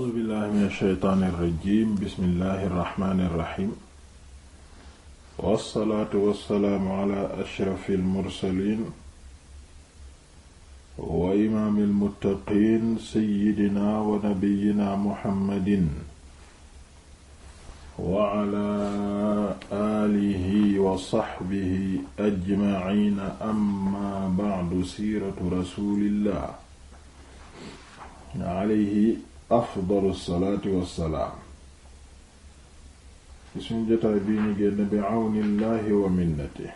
a'uuzu billahi min ash-shaytaani irrajim bismillahi irrahmaani irrahim wassalaatu wassalaamu ala ashrafi almursalin wa imaami almuttaqiin sayyidina wa nabiyyina muhammadin wa ala aalihi wa saxbihi ajmaciina amma bacdu siiratu rasuulillah alayhi afdalu salaatu wassalaam ci suñu jotaay bii ñu génn bi àwnillaahi wa minnati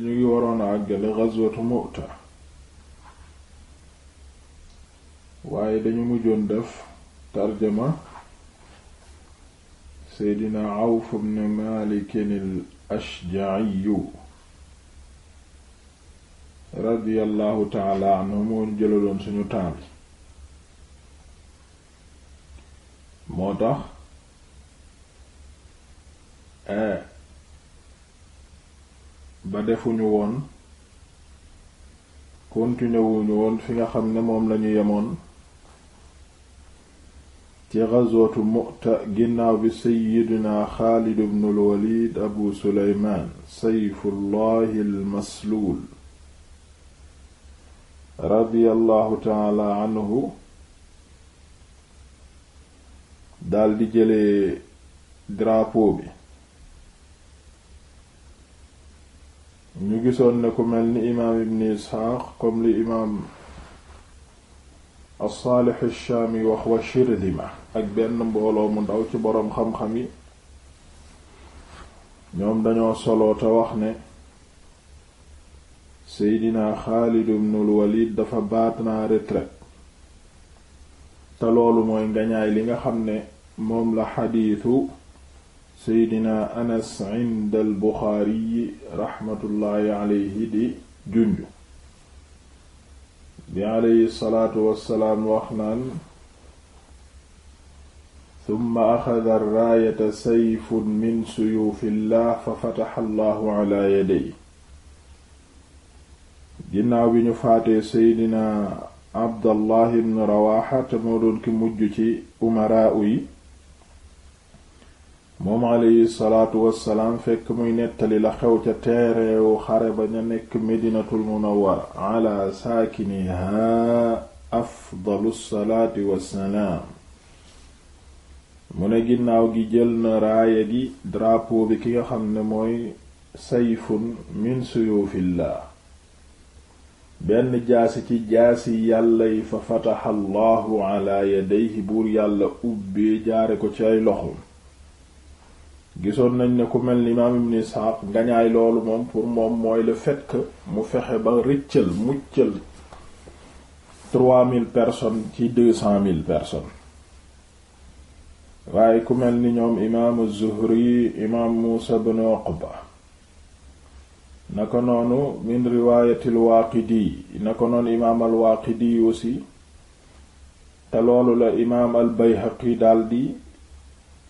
ñu ngi waroon a àggale gazwatu Mu'ta waaye dañu mujjoon def tarjama seydina Awf ibn Maalik al-Ashja'i radiyallahu taala anhu moo jëlaloon suñu temps moo tax eh, ba defuñu woon continuer woon fi nga xam ne moom lañu yemoon ci ghazwatu Mu'ta ginnaaw bi sayyidina Xaalid ibn al-Walid abu Suleymaan sayfullahi al-masluul radiyallahu taala anhu daldi jële drapeau bi ñu gisoon ne ku mel ni imaam ibn isxaaq comme li imaam as-saalix ash-shaami wax wa ak benn mbooloo mu ndaw ci boroom xam-xam yi ñoom dañoo solo te wax ne seydina Xaalid ibnul Walid dafa baat na retraite te loolu mooy ngañaay li nga xam ne moom la xadiisu seydina Anas inda al Buxaari raxmatullaahi aleyhi di junju bi aleyhi salaatu wassalaam wax naan summa axada raayata sayfun min suyuufillaah fa fataxa allaahu ala yaday ginnaaw bi ñu faatee seydina abdallah ibn rawaxa te moo doon ki mujj ci umaraa yi moom aleyhi muy nettali la xew ca teereewu xare ba ña nekk gi jël na gi drapeau ki nga xam ne mooy sayfun min suyufillah benn jaasi ci jaasi yàlla yi fa fataxa allahu ala buur yàlla ubbee jaare ko ci ay loxo gisoon nañ ne ku mel ni imaam ibn Isxaaq ngañaay loolu moom pour moom mooy le fait mu fexe ba rëccal muccal trois mille personne ci deux cent mille personnes waaye ku mel ñoom imaam az imaam Muusa ibn Uqba na ko noonu min riwaayatil waaqidi na ko noonu imaam al waaqidi te loolu la imaam al daldi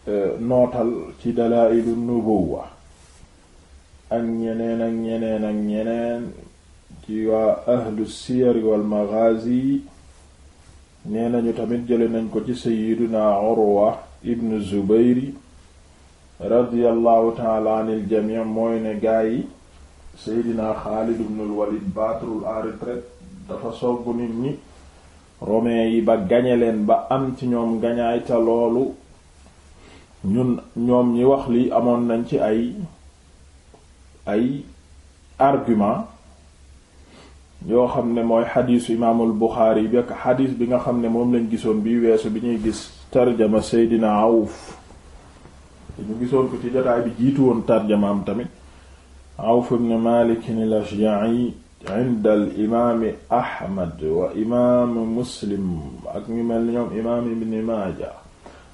e, nootal ci dalaa'ilu nubuwa ak ñeneen ak ñeneen ak ñeneen ci waa ahlu siyar wal maghazi nee nañu tamit jële nañ ko ci sayyiduna urwa ibn zubayri radiyallahu ta'ala anil jami' mooy ne gaa yi Seydina Xaalid ibnul Walid battre à retraite dafa sogg nit ñi romain yi ba gañe leen ba am ci ñoom gañaay ca loolu ñun ñoom ñi wax lii amoon nañ ci ay ay argument yoo xam ne mooy xadiisu imaamul Buxaari yi ak xadiis bi nga xam ne moom lañ gisoon bi weesu bi ñuy gis tarjama Seydina Awf te ñu gisoon ko ci jotaay bi jiitu woon tarjamaam tamit Awf ibn Maalik al-Ashja'i inda al-imaami Ahmad wa imaamu Muslim ak ñu mel ni ñoom imaam Ibn Maaja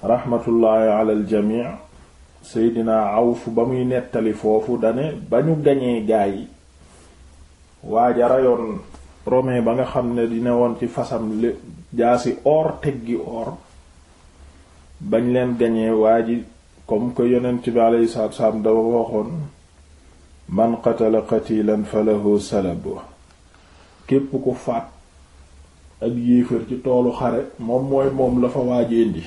rahmatullahi ala jamii Seydina Awf ba muy nettali foofu dane ba ñu gañee gaa yi waaja rayoon romain ba nga xam ne dina woon ci fasam jaasi or teggi or bañ leen gañee waa ji comme que yonent bi alayhi salaatu wa dafa waxoon man qatala qatilan falahu salabu képp ku faat ak yéefar ci toolu xare moom mooy moom la fa waajendi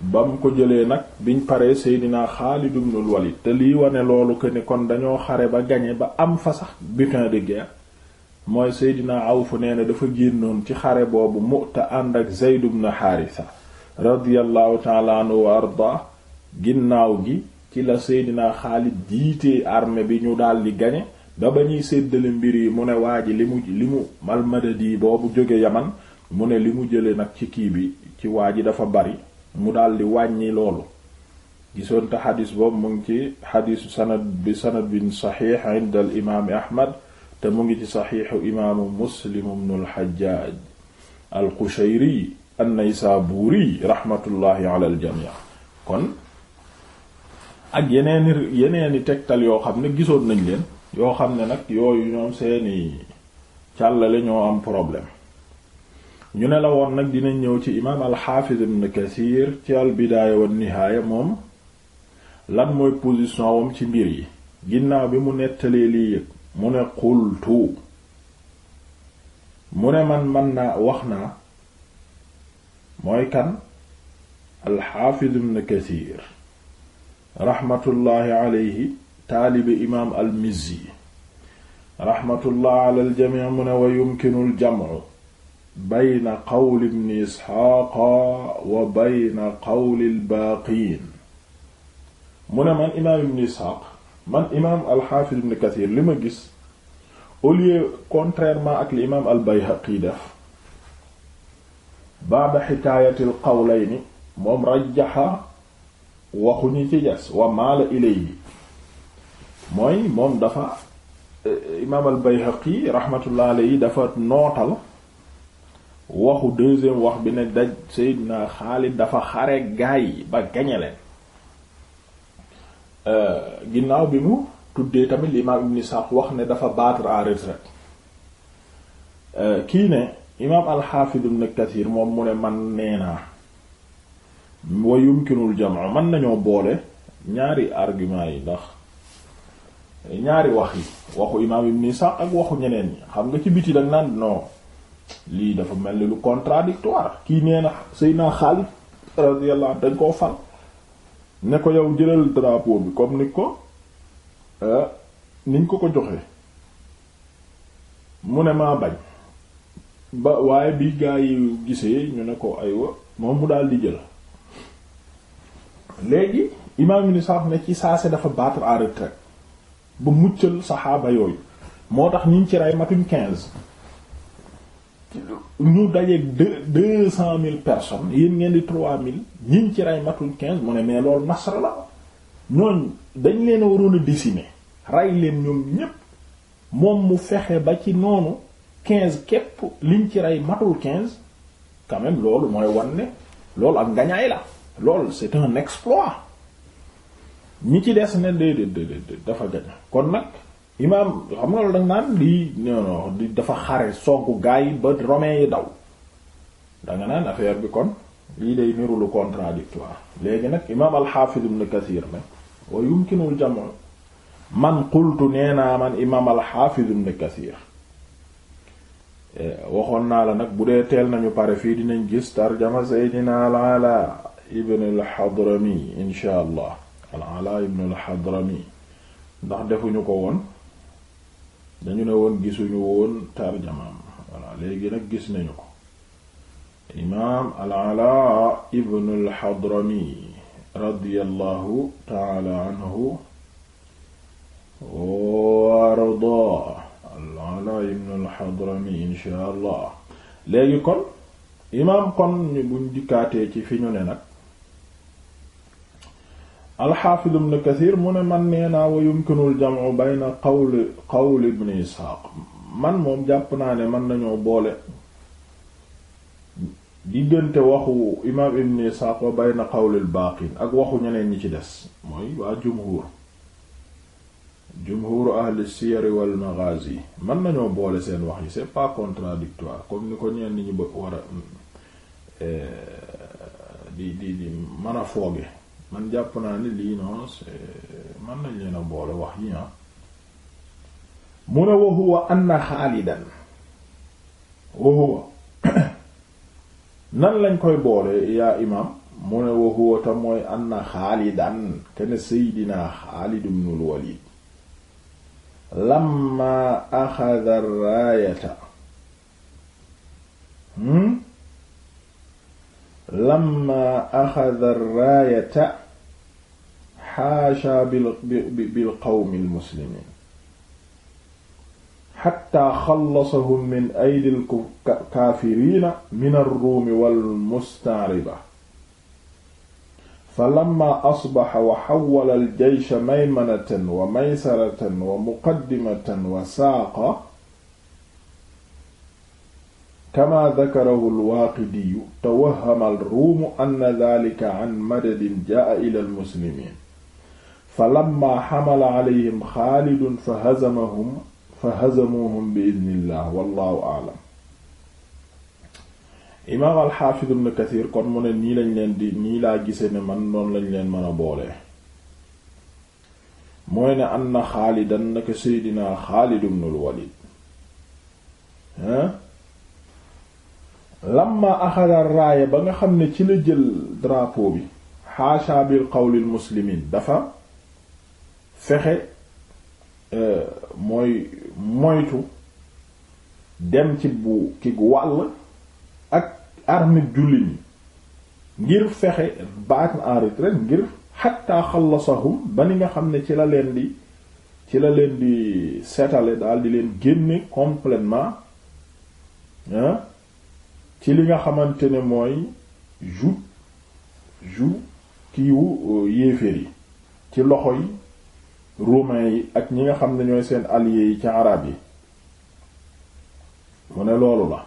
ba mu ko jëlee nag biñ paree Seydina Xaalid ibnul Walid te liy wone loolu ko ni kon dañoo xare ba gañe ba am fa sax butin de guerre mooy Seydina Awf nee na dafa génnoon ci xare boobu Mu'ta ànd ak Zayd ibn Haarisa radiyallahu wa arda ginnaaw gi ci la Seydina Xaalid jiitee armée bi ñu daal di gañe dama ba ñuy séddale mbir yi mu ne waa ji li mu li mu malmadadi boobu jóge Yaman mu ne li mu jële nag ci kii bi ci waa ji dafa bari mu daldi wàññi loolu gisoon te xadis boobu mu ngi ci xadisu sanad bi sanad bin saxiix inda al imaami Ahmad te mu ngi ci saxiixu imaamu Muslim ibnul Xajjaaj al Qushayri an-Naysaburi raxmatullahi ala al jamii kon ak yeneen yeneeni tegtal yoo xam ne gisoon nañ leen yoo xam ne nag yooyu ñoom seeni càllale ñoo am problème ñu ne la woon nag dinañ ñëw ci imaam al-Hafiz ibn Kathir ci al-Bidaaya nihaaya moom lan mooy position wam ci mbir yi ginnaaw bi mu nettalee lii yëg mu ne xultu mu ne man man naa wax naa mooy kan al-Hafiz ibn raxmatullaahi aleyhi taalibi imaam al mizzi raxmatullaah ala aljamic mu ne wa yumkinu aljamcu bayna qawli bni isxaaqa wa bayna qawli albaaqiin mu ne man imaam ibni isxaaq man imaam alxaafis ibni kathir li ma gis au lieu contrairement ak li imaam albayhaqi def baada xikaayati alqawlayni moom rajaxa waxu ñi ci des wa maala ilayhi mooy moom dafa imaam al Bayhaqi rahmatullah alayhi dafa nootal waxu deuxième wax bi ne daj na Xaalid dafa xare gaay yi ba gañe leen euh, ginnaaw bi mu tuddee tamit li imaam Ibn Isxaaq wax ne dafa battre en retraite euh, kii ne imaam al-Haafid Ibn Kathir moom mu ne man nee wa yumkinul jamaa mën nañoo boole ñaari argument yi ndax ñaari wax yi waxu imaam ibn Isaaq ak waxu ñeneen ñi xam nga ci biti dag naan non lii dafa mel ni lu contradictoire kii nee na Seydina Xaalid radiyallahu dañ koo fal ne ko yow jëlal drapeau bi comme ni ko euh, niñ ko ko joxee mu ne maa bañ ba waaye bi gaa yi gisee ñu ne ko ay moom mu daal di jël léegi imaam ibn Sa'd ne ci saase dafa battre en retraite ba muccal saxaaba yooyu moo tax ñu ci rey matuñ quinze ñu dajeeg deux deux cent mille personnes yéen ngeen di trois mille ñiñ ci ray matuñ quinze mu ne mais loolu nasra la ñooñ dañ leen a waroon a décimer leen ñoom ñépp moom mu fexe ba ci noonu quinze képp liñ ci rey matul quinze quand loolu mooy wan ne loolu ak ngañaay la loolu c'est un exploit ñi ci des ne dafa gañ kon nag imaam xam na loolu da nga naan lii non dafa xare soggu gaa yi ba romain yi daw danga nga naan affaire bi kon lii day niru lu contradictoire léegi nag imaam al-Hafiz ibn Kathir ne wa man qultu nee naa man imaam al-Hafiz ibn eh, waxoon naa la nag bu dee teel nañu pare fii dinañ gis tarjama Seydina al-Ala ibn al-Hadrami insha allah al-Alaa ibn al-Hadrami ndax defuñu ko woon dañu ne woon gisuñu woon tarjamaam voilà léegi nag gis nañu ko imaam al-Alaa ibn al-Hadrami radiyallahu taala anhu wa al-Alaa ibn al-Hadrami insha allah léegi kon imaam kon buñ dikkaatee ci fi ñu ne nag alxaafid ibn kathir mu ne man nee naa wa yumkinul jam'u bayna qawli qawli ibn isxaaq man moom jàpp naa ne mën nañoo boole diggante waxu imaam ibn isxaaq wa bayna qawlil baaqin ak waxu ñeneen ñi ci des mooy waa jumhuur jumhuur ahli siyar wal maghazi mën nañoo boole seen wax yi c'est pas contradictoire comme ni ko ñenn ñi bëgg war a euh, di di di mën a fooge man jàpp naa ni lii non c'est man nañ leen boole wax yi ah mu ne wa huwa anna xaalidan wa huwa nan lañ koy boole yaa imam mu ne wa huwa te mooy anna xaalidan kene seydina xaalid ibn al walid lamma axada raayata hmm? lamma axada xaasha bil bil qawmi almuslimiin xatta xallasahum min aydil kaafiriina min alruumi walmustaariba falamma asbaxa wa xawwala aljeysha maymanatan wa maysaratan wa muqaddimatan wa saaqa kama dakarahu alwaaqidiyu tawahama alruumu anna dalika an madadin jaa ila almuslimiin fa lamma xamala alayhim xaalidun fa hazamahum fa hazamuhum bi idnillah wallahu aalam imaam alxaafid ibn kathir kon mu ne nii lañ leen di nii laa gise ne man noonu lañ leen mën a boolee mooy ne an na xaalidan naka seydinaa xaalid ibnul walid hein lamma axada raaya ba nga xam ne ci la jël drapeau bi xaasha bil qawlil muslimin dafa fexe euh, mooy moytu dem ci bu ki wàll ak armée jullit ñi ngir fexe baat en retrait ngir xatta xallasahum ba nga xam ne ci la leen di ci la leen di seetale daal di leen génne complètement ah ci li nga xamante ne mooy ju ju kiiwu euh, yéeféer yi ci loxo yi roumain yi ak ñi nga xam ne seen alliés yi ci arab yi mu ne loolu la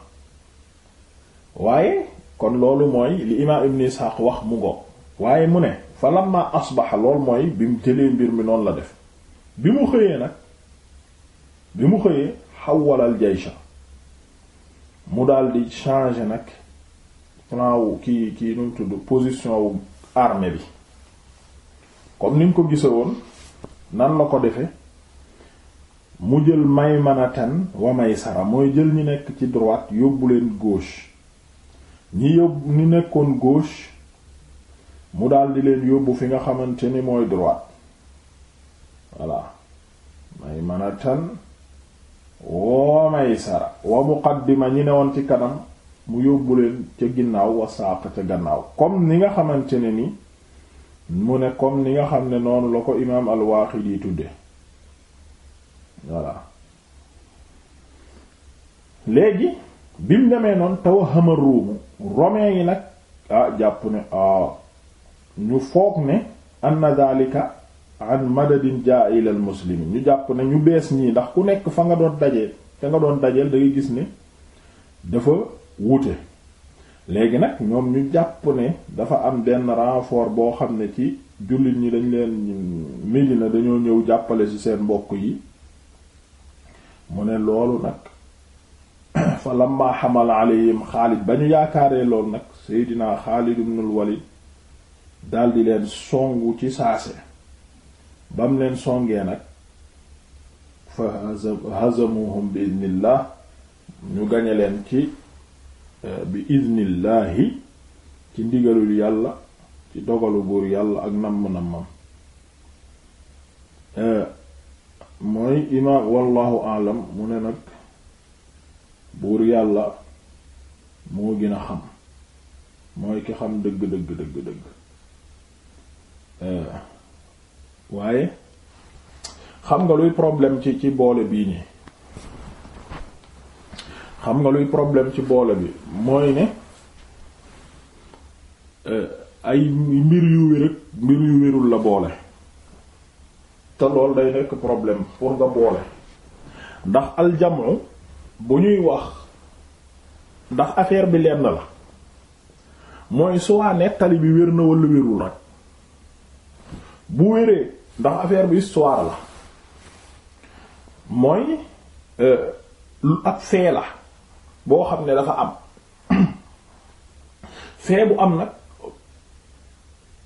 waaye kon loolu mooy li imaam ibn Ishaq wax mu ngo waaye mu ne fa lamma asbaxa lool mooy bi mu jëlee mbir mi noonu la def bi mu xëyee nag bi mu xëyee xawalal jaysha mu daldi changer nag plan wu kii kii nu mu tudd position wu armée bi comme ni ñu ko gise woon nan la ko defee mu jël maymanatan wa maysara mooy jël ñi nekk ci droit yóbbu leen gauche ñi yóbbu ñi nekkoon gauche mu daldi leen yóbbu fi nga xamante ni mooy droite voilà maymanatan wa maysara wa muqaddima ñi newoon ci kanam mu yóbbu leen ca ginnaaw wa saaq ca gannaaw comme ni nga xamante ne ni mu ne comme ni nga xam ne noonu la ko imaam al yi tudde voilà léegi bi mu demee noonu tawahama ruumu romain yi nag ah jàpp ne ah ñu foog ne anna daalika an madadin jaa ilal muslimin ñu jàpp ne ñu bees ñii ndax ku nekk fa nga doon dajee fa nga doon dajeel da gis ne dafa wuute léegi nag ñoom ñu jàpp ne dafa am benn renfort boo xam ne ci jullit ñi dañ leen Médina dañoo ñëw jàppale ci seen mbokk yi mu ne loolu nag fa lamma xamal alayhim ba ñu yaakaaree loolu nag Seydina Xaalid ibnul Walid daldi leen songu ci saase bam leen songee nag fa hazamuhum bi idnillah ñu gañe leen ci Eh, bi idnillahi ci ndigalul yàlla ci dogalu buur yàlla ak namm-nammam eh, mooy imaam wallahu alam mu ne nag buur yàlla moo gën a xam mooy ki xam dëgg dëgg dëgg dëgg eh, waaye xam nga luy problème ci ci boole bii nii xam nga luy problème ci boole bi mooy ne euh, ay mbir yu wér mbir yu wérul la boole te loolu day nekk problème pour nga boole ndax aljamu bu ñuy wax ndax affaire bi lenn la mooy soit nettali bi wér na walla wérul rek bu wéree ndax affaire bi histoire la mooy euh, ab fee la boo xam ne dafa am fee am nag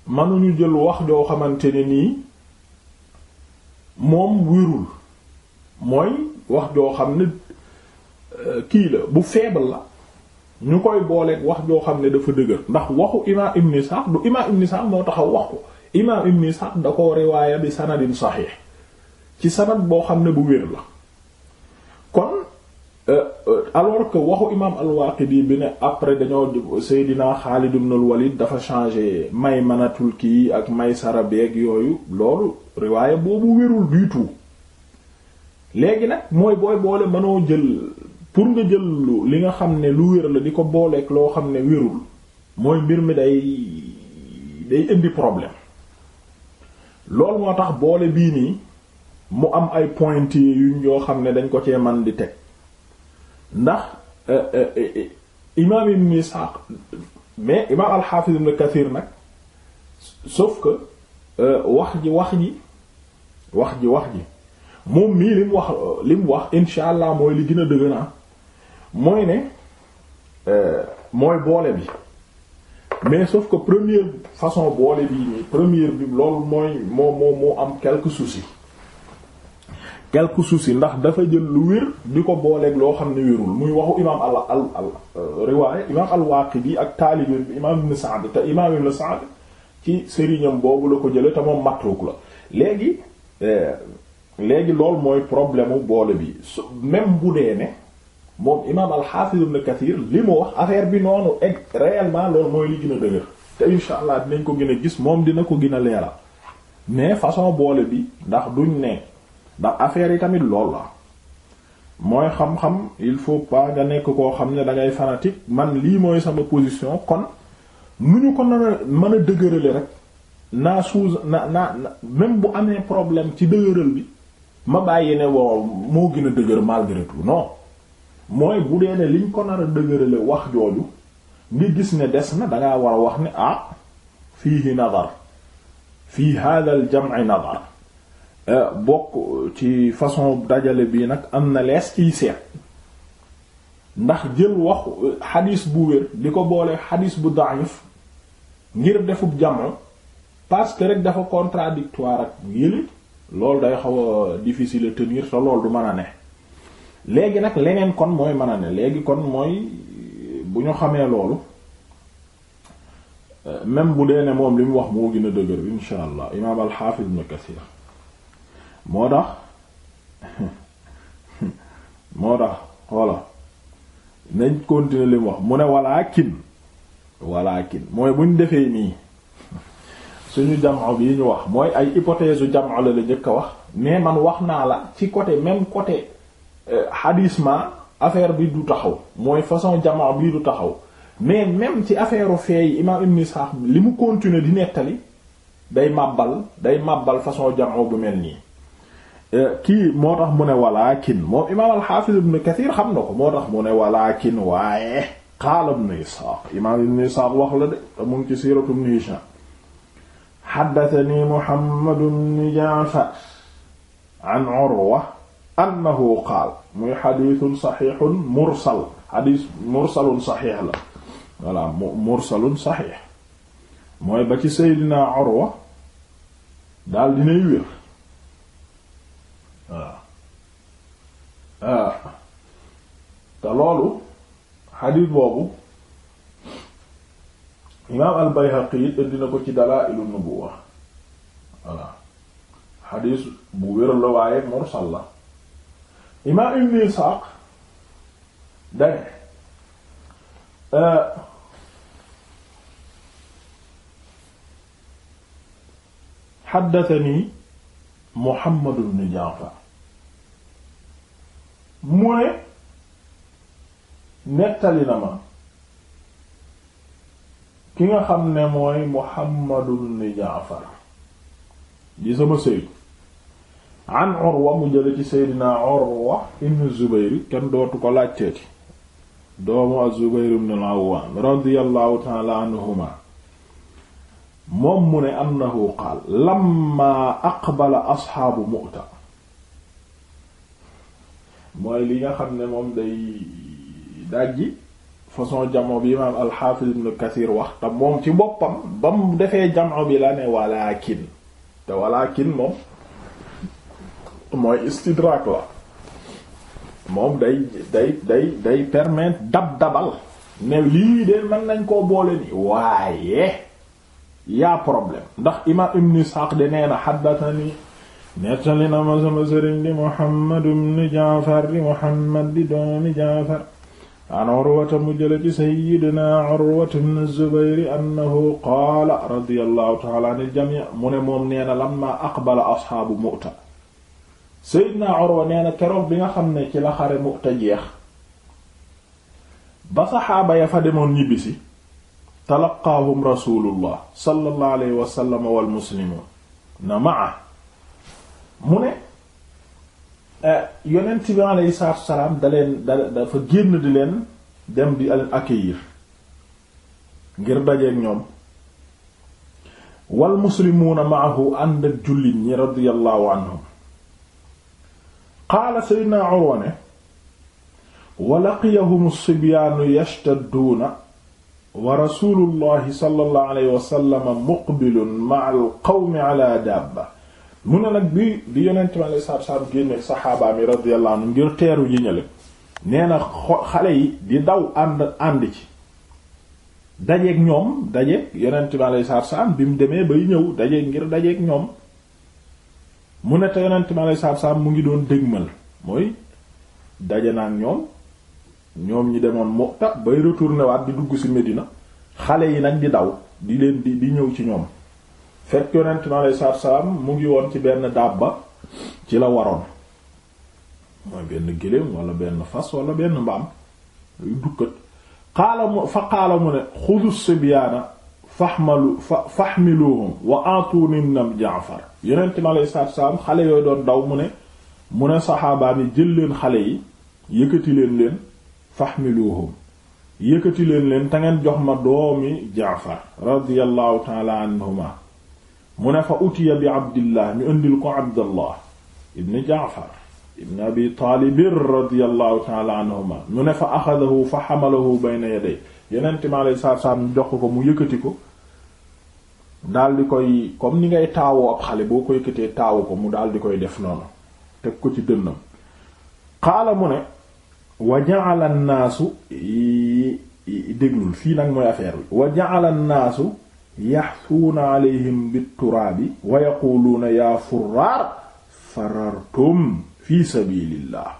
mënuñu jël wax joo xamante ne nii moom wirul mooy wax joo xam ne euh, kii la bu feebal la ñu koy booleeg wax joo xam ne dafa dëgër ndax waxu imaam ibn Isaaq du imaam ibn Isaaq moo taxaw wax ko imaam ibn Isaaq da ko riwaaya bi sanadin saxiix ci sanad boo xam ne bu wér la Euh, euh, alors que waxu imaam al-Waaqidi bi ne après dañoo Seydina Xaalid ibn al-Walid dafa changé may manatul kii ak may sarabeeg yooyu loolu riwaaya boobu wérul du tout léegi nag mooy booy boole mënoo jël pour nga jël li nga xam ne lu wér la di ko booleek loo xam ne wérul mooy mbir mi day day indi problème loolu moo tax boole bii nii mu am ay point yu yoo xam ne dañ ko cee man di teg ndax euh, euh, euh, imaam mu Ishaq mais imaam al-Hafiz ibn Kathir nag sauf que wax ji wax ji wax ji wax ji moom mii li mu wax li mu wax insha allah mooy li gën a dëgg naa ah. mooy ne mooy boole bi mais sauf que première façon boole bii nii première bi loolu mooy moo moo moo am quelques soucis quelque souci ndax dafa jël lu wir di ko booleeg loo xam ne wérul muy waxu imaam al al al euh, riwaaya imaam al-Waaqidi ak taalibeen bi imaam ibn Sa'd te imaam ibn Sa'd ci sëriñam boobu la ko jële te moom matruk la léegi euh, léegi lool mooy problème u boole bi su même bu dee ne moom imaam al-Hafiz ibn Kathir li mu wax affaire bi noonu egg réellement loolu mooy li gën a dëgër te insha allah dinañ ko gën a gis moom dina ko gën a leera mais façon boole bi ndax duñ ne ndax affaire yi tamit lool la mooy xam-xam il faut pas nga nekk koo xam ne da ngay man lii mooy sama position kon nu ñu ko mën a mën a dëgërale rek naa suus na naa même bu amee problème ci dëgëral bi ma bàyyi ne wow moo gën a dëgër malgré tout non mooy bu dee ne liñ ko nar a wax jooju nga gis ne des na dangaa war a wax ne ah fii nadar fii hadha al jam'i nadar Euh, bokk ci façon dajale bii nag am na lees ciy seet ndax jël waxu euh, xadis bu wér di ko boolee xadis bu daif ngir defub jamono parce que rek dafa contradictoire ak ngir loolu day xaw a difficile à tenir te loolu du mën a ne léegi nag leneen kon mooy mën a ne léegi kon mooy bu ñu xamee loolu euh, même bu dee ne moom li mu wax moo gën a dëgër insha allah imaam al-Hafiz Ibn Kathir moo tax moo tax xoola nañ continuer li mu wax mu ne walaakin walaakin mooy buñ defee nii suñu jamono bi ñu wax mooy ay hypothèse u jamono la la njëkk a wax mais man wax naa la ci côté même côté euh, hadisma affaire bi du taxaw mooy façon jamono bii du taxaw mais même ci affaire u feey imam Ibn Ishaq li mu continuer di nettali day màbbal day màbbal façon jamono bu mel nii kii moo tax mu ne walaakin moom imaam al-Hafiz ibn Kathir xam na ko moo tax mu ne walaakin waaye qaala ibn Isaaq imaam ibn Isaaq wax la de te mu ngi ci siiratu ibn Hishaam haddathanii Muhammad ibn Ja'far an Urwa annahu qaala muy hadiisun sahiihun mursal hadiis mursalun sahiih la voilà mursalun sahiih mooy ba ci Seydina Urwa daal dinay wér Ah. te loolu xadiis boobu imaam al Bayhaqi it indi ko ci Dalaa'ilu Nubuwwa voilà xadiis bu wér la waaye mursal la imaam Ibn Isaaq dane xaddatani ah, Muhammad ibn Ja'far mu nettali na ma ki nga xam ne mooy Muhammadun Jaafar di sama sëy an Urwa mu jële ci Seydina Urwa ibn Zubayr kenn dootu ko laajteeti doomu az-Zubayr ibn al radiyallahu ta'ala anhuma moom mu ne annahu qaal lamma aqbala asxaabu Mu'ta mooy li nga xam ne moom day dajji façon jamo bi imaam alxaafiz ibn Kathir wax te moom ci boppam ba mu defee jamo bi la ne walaakin te walaakin moom mooy istidraak la moom day day day day permettre dab dabal ne lii de mën nañ koo boole ni waaye yaa problème ndax imaam ibn Isxaaq de nee na xaddatani nettali na ma sama sëriñ di Muhammad ibn Jaafar Muhammad di Jaafar an Urwata mu jële ci sayyidina Urwata ibn Zubayr annahu qaala radiyallahu ta'ala anil jamii lamma aqbala asxaabu Mu'ta sayyidina Urwa nee na keroog bi nga xam ne ci la xare Mu'ta jeex ba saxaaba ya fa demoon ñibbisi talaqaahum rasulullah sallallahu alayhi wa sallam wal muslimuun na ma'a mu ne eh, yonent bi alayhi salaatu salaam da leen da dafa génn di leen dem di leen accueillir ngir dajeek ñoom wal muslimuuna maahu ànd ak jullit ñi radiyallahu anhum qaala sayyidina Urwa ne wa laqiyahum sibyaanu yashtadduuna wa rasuulullahi sallallahu alayhi wa sallam muqbilun ma'a al qawmi ala daabba mu ne nag bi di yonent ma lay saab saab génne saxaaba mi radiyallahu ngir teeru ji ñële nee na xale yi di daw ànd ànd ci dajeeg ñoom dajeeg yonent ma lay saab saab bi mu demee bay ñëw dajeeg ngir dajeeg ñoom mu ne te yonent ma lay saab saab mu ngi doon dëgmal mooy daje naa ñoom ñoom ñi demoon Mu'ta bay retourné waat di dugg ci Medina xale yi nag di daw di leen di ñëw ci ñoom fekk yonent mi aleyhi salaatu salaam mu ngi woon ci benn dàbba ci la waroon mooy benn gëléem wala benn fas wala benn mbaam luy dukkat xaala mu fa xaala mu ne xudu sibyaana faxmalu faxmiluhum wa atuni nam jaafar yonent mi aleyhi salaatu salaam xale yooyu doon daw mu ne mu ne saxaabaa bi jël leen xale yi yëkkati leen leen faxmiluhum yëkkati leen leen te jox ma doomi jaafar radiyallahu taala anhuma mu ne fa utiya bi abdillah ñu indil ko abdallah ibn jaafar ibn abi taalibin radiallahu taala anhuma mu ne fa axadahu fa xamalahu bayna yaday yenente mi alei jox ko mu yëkkati ko daal di koy comme ni ngay taawoo ab xale boo ko yëkkatee taawu ko mu daal di koy def noonu teg ko ci dënnam xaala mu ne wa ja'ala an-naasu déglul fii nag mooy affaire bi wa ja'ala an-naasu yaxsuuna alayhim bitturaabi wa yaquuluuna yaa furraar farartum fi sabilillah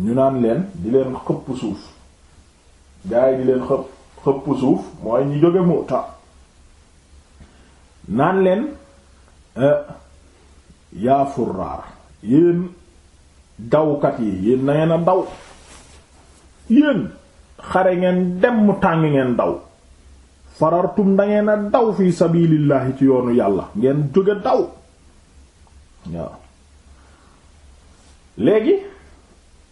ñu naan leen di leen xëpp suuf gaa yi di leen xëpp xëpp suuf mooy ñi jóge Mu'ta naan leen eh, yaa furraar yéen dawkat yi yéen na ngeen a daw yéen xare ngeen dem mu tàng ngeen daw farartum da ngeen a daw fi sabilillahi ci yoonu yàlla ngeen jóge daw waaw léegi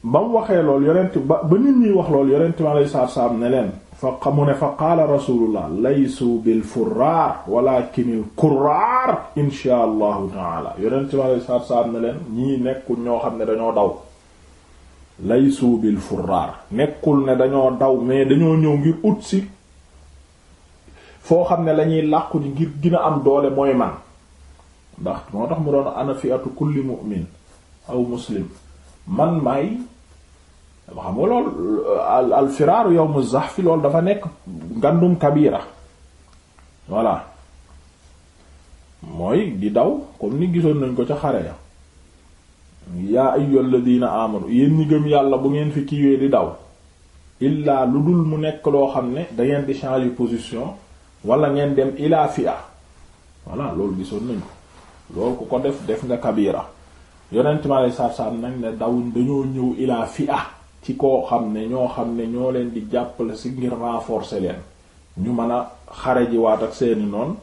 ba mu waxee lool yonent ba nit ñiy wax lool yonent ma lay saar ne leen fa mu ne fa qaala rasulullah laysu bil furraar walakinil kurraar insha allahu taala ne leen ñii nekkul ñoo xam ne dañoo daw laysu bil furraar nekkul ne dañoo daw mais dañoo ñëw ngir ut si foo xam ne lañuy làqu ni ngir dina am doole mooy man ndax moo tax mu doon ana fi atu kulli mu'min aw muslim man maay xam nga loolu al al firaaru yawmu fi loolu dafa nekk ngandum kabira voilà mooy di daw kon ni gisoon nañ ko ca xare ya yaa ayyuhal ladina amanu yéen ñi gëm yàlla bu ngeen fi kiiwee di daw illaa lu dul mu nekk loo xam ne dangeen di changer position wala ngeen dem ilaa fi'a voilà loolu gisoon nañ loolu ku ko def def nga kabira yonent mi alei satu nag ne dawuñ dañoo ñëw ilaa fi'a ci koo xam ne ñoo xam ne ñoo leen di jàppale si ngir renforcer leen ñu mën a xare ji waat ak seeni noonu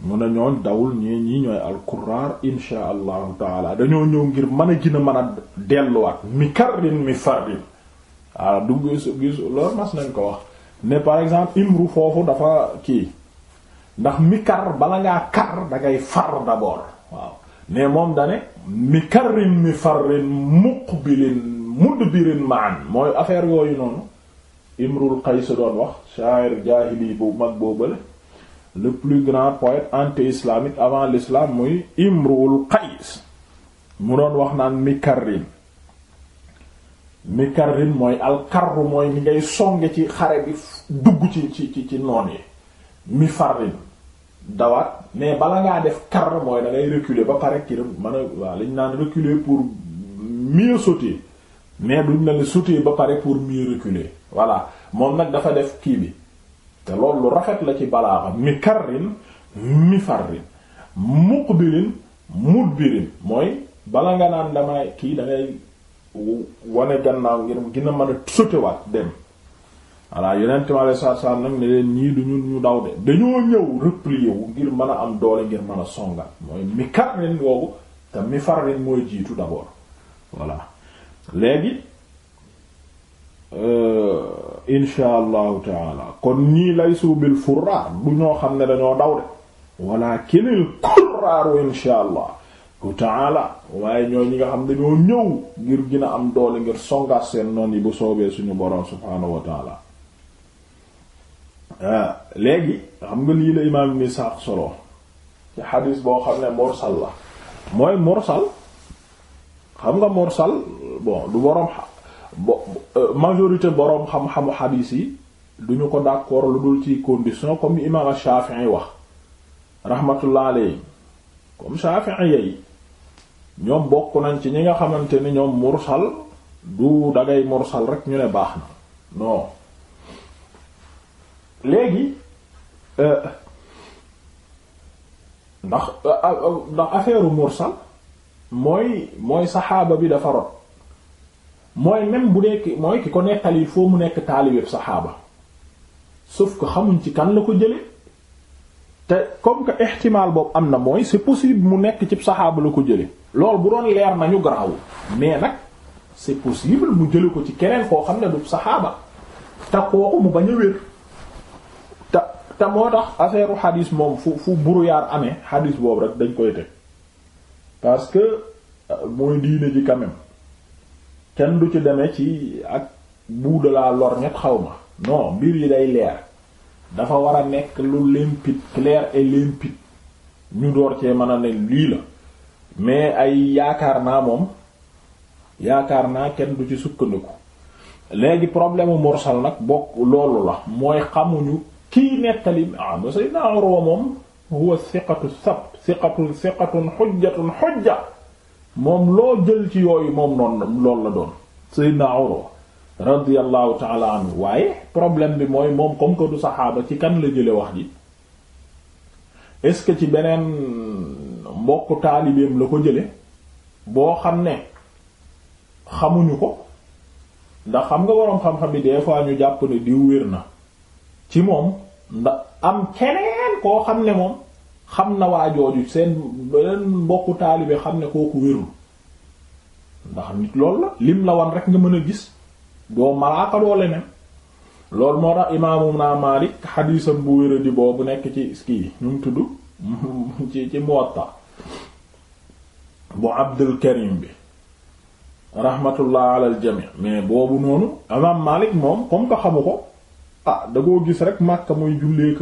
mu a ñoon dawul ñii ñi ñooy alkuraar insha allahu taala dañoo ñëw ngir mën a gina mën a delluwaat mi karrin mi fardin waaw du gis gis loolu mas nañ ko wax ne par exemple imru foofu dafa kii ndax mikar bala ngaa kar da ngay far d'abord waaw ne moom dane mikarrin mi farrin muqbilin mudbirin ma'an mooy affaire yooyu noonu imrul qays doon wax sha'ir jaahili bu mag boobale le plus grand poète anti-islamique avant l'islam muy imrul qays mu doon wax naan mikarrin mi karrin mooy alkarru mooy mi ngay songe ci xare bi dugg ci ci ci ci noon yi mi farrin dawaat mais bala ngaa def kar mooy da ngay reculer ba pare kii man a waaw naan reculer pour mieux mais duñ la ne ba pare pour mieux reculer voilà moom nag dafa def kii bi te loolu rafet la ci balaa balaaxa mi karrin mi farrin muqbilin mudbirin mooy bala nga naan damay kii dangay wane gannaaw ngir gën a mën a sotewaat dem voilà yonent mi alei satu salaam nag ne leen ñii du ñu ñu daw de dañoo ñëw replier wu ngir mën a am doole ngir mën a songal mooy mi kar leen woogu te mi far leen mooy jiitu d'abord voilà léegi euh, insha allahu taala kon ñii laysu bil furraar bu ñoo xam ne dañoo daw de wala kinil kurraaru insha taala waaye ñoo ñi nga xam dañoo ñëw ngir dina am doole ngir songaat seen noon yi bu soobee suñu boroom subhaanahu wa taala ah, léegi xam nga lii la imaam ibn Isaaq solo ci xadiis boo xam ne mursal la mooy morsal xam nga mursal bon du boroom bo majorité boroom xam-xamu xadiis yi duñu ko d'accord lu dul ci condition comme imaam Shaafi'i wax rahmatullah alayhi comme Shaafi'i yi ñoom bokk nañ ci ñi nga xamante ni ñoom mursal du dangay mursal rek ñu ne baax na non léegi euh, ndax euh, euh, ndax affaire mursal mooy mooy saxaaba bi dafa rot mooy même bu dee mooy ki ko nekkal il faut mu nekk taalibeeb saxaaba sauf que xamuñ ci kan la ko jële te comme que ihtimal boobu am na mooy c'est possible mu nekk cib saxaaba la ko jële loolu bu doon leer nañu garaaw mais nag c'est possible mu jële ko ci keneen koo xam ne du saxaaba te kooku mu bañ a te te moo tax affaire xadis moom fu fu brouillard amee xadis boobu rek dañ koy teg parce que euh, mooy diine ji quand kenn du ci demee ci ak bout de la lorgnette xaw ma non mbir yi day leer dafa war a nekk lu limpide clair et limpide ñu door cee mën a ne lii la mais ay yaakaar naa moom yaakaar naa kenn du ci sukkandiku léegi problème mu mursal nag bokk loolu la mooy xamuñu kii nettali ah ba Seydina Urwa moom huwa siqatu sabt siqatu siqatun xujjatun xujja moom loo jël ci yooyu moom noonu loolu la doon Seydina Urwa radiyallahu taala anhu waaye problème bi mooy moom comme que du saxaaba ci kan la jële wax ji est-ce que ci beneen mbokk taalibeem la ko jële boo xam ne xamuñu ko ndax xam nga waroon xam-xam yi des fois ñu jàpp ne diw wér na ci moom ndax am keneen koo xam ne moom xam na waa jooju seen beneen mbokku taalibe xam ne kooku wérul ndax nit loolu la lim la wan rek nga mën a gis boo malaaka doo leneen loolu moo tax imaamu naa Maalik xadiisam bu wéradi boobu nekk ci ski ñu mu tudd ci ci Muwatta bu Abdul Karim bi rahmatullah alal jami mais boobu noonu imaam Maalik moom comme ko xamu ko ah da gis rek Makka muy jullee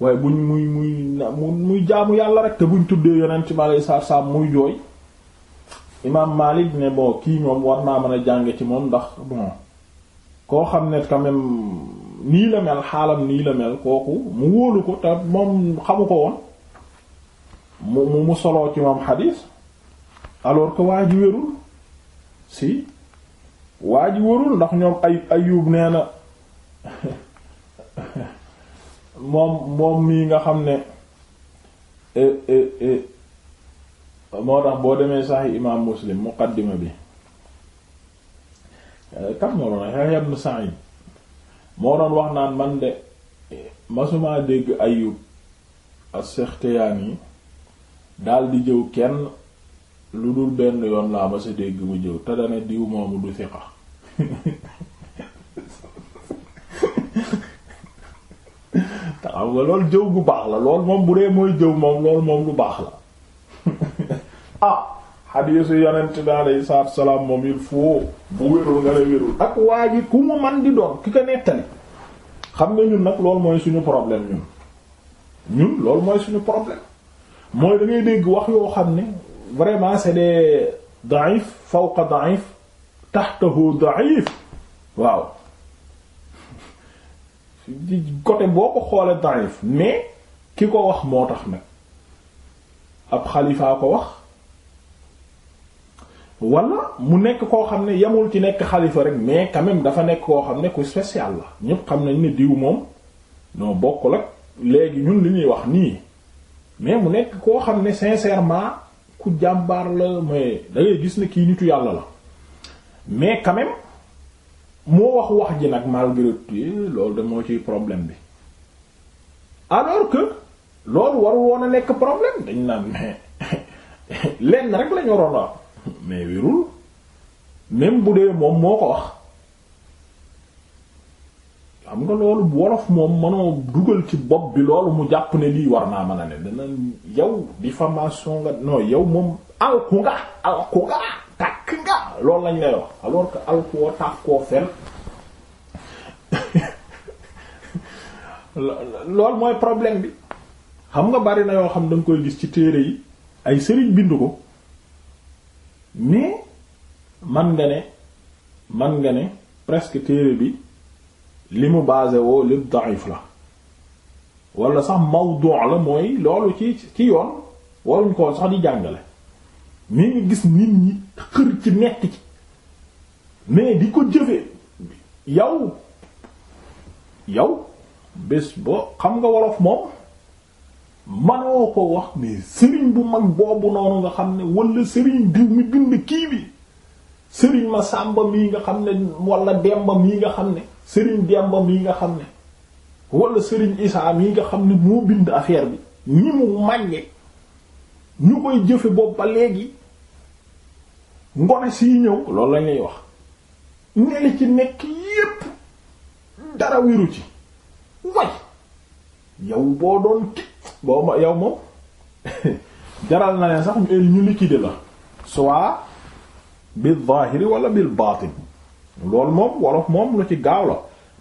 waaye bu muy muy muy jaamu yàlla rek te buñ tuddee yonent bi alayhi salaam muy jooy imaam Malik ne bon kii moom war naa mën a jànge ci moom ndax bon koo xam ne quand même nii la mel xaalam nii la mel kooku mu wóolu ko te moom xamu ko woon mu mu soloo ci moom xadiis alors que waa ji wérul si waa ji wérul ndax ñoom ay Ayub nee na moom moom mii nga xam ne. Eh, eh, eh, moo tax boo demee saxi imaam muslim muqaddima bi kam moo doon Yahya ibn Sa'id moo doon wax naan man de masumaa dégg Ayyub as yi daal di jëw kenn lu dul benn yoon laa ma sa dégg mu jëw te dana diw moomu du siqa te xam nga loolu jëw gu baax la lool moom bu dee mooy jëw moom loolu moom lu baax la ah xadiisu yonent bi alayhi salaatu salaam moom il faut bu wérul nga ne wérul ak waa ji ku mu man di doon ki ko nettali xam nga ñun nag lool mooy suñu problème ñun ñun loolu mooy suñu problème mooy da dégg wax yoo xam ne vraiment c'est des da'if fawqa da'if tahtahu da'if waaw côté boo ko xoolee da'if mais ki ko wax moo tax nag ab xalifaa ko wax wala mu nekk koo xam ne yamul ci nekk xalifa rek mais quand dafa nekk koo xam ne ku spécial la ñëpp xam nañ ne diw moom noo bokkul ak léegi ñun li ñuy wax nii mais mu nekk koo xam ne sincèrement ku jàmbaar la mais da gis ne kii nitu yàlla la mais quand moo wax wax ji nag malgré tout loolu damoo moo ciy problème bi alors que loolu waru woon a nekk problème dañ naan mais lenn rek la waroon a mais wérul même bu dee moom moo ko wax xam nga loolu wolof moom mënoo dugal ci bopp bi loolu mu jàpp ne lii war naa mën a ne dana yow diffamation nga noo yow moom alku nga alku nga tàkk nga loolu lañ lay wax alors que alkuoo tàkkoo fen loolu mooy problème bi xam nga bari na yoo xam danga koy gis ci téere yi ay sëriñ bind ko mais man nga ne man nga ne presque téere bi li mu basé woo lépp da'if la wala sax mawdu' la mooy loolu ci ci yoon waruñ koo sax di jàngale mi nga gis nit ñi xër ci nekk ci mais di ko jëfee yow yow bés boo xam nga wolof moom manoo ko wax ne sëriñ bu mag boobu noonu nga xam ne wala sëriñ diw mi bind kii bi sëriñ ma sàmba mii nga xam ne walla demba mii nga xam ne sëriñ demba mii nga xam ne wala sëriñ isaa mii nga xam ne moo bind affaire bi ñi mu màññe ñu koy jëfe bopp ba léegi ngone siy ñëw loolu la wax neli ci nekk yépp dara wiru ci way yow boo doon ki boo ma yow moom jaral na leen sax ñu liquider la soit bil zahiri wala bil batin loolu moom wolof moom lu ci gaaw la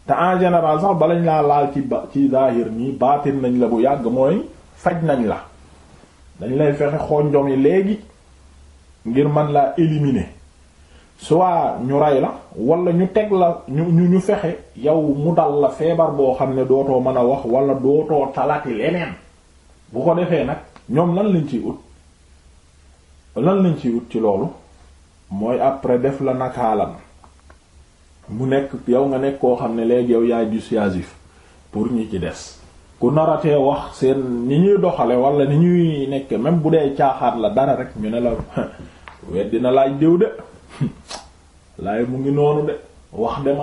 te en général sax balañ laa laal ci ba ci zahir nii baatin nañ la bu yàgg mooy faj nañ la dañ lay fexe xonjom yi léegi ngir man laa éliminer soit ñu rey la wala ñu teg la ñu ñu ñu fexe yow mu dal la feebar boo xam ne dootoo mën a wax wala dootoo talati leneen bu ko defee nag ñoom lan lañ ciy ut lan lañ ciy ut ci loolu mooy après def la nakaalam mu nekk yow nga nekk koo xam ne léegi yow yaay dissuasif pour ñi ci des ku naratee wax seen ni ñuy doxale walla ni ñuy nekkee même bu dee caaxaat la dara rek ñu ne la weddi laaj diw de laay mu ngi noonu de wax de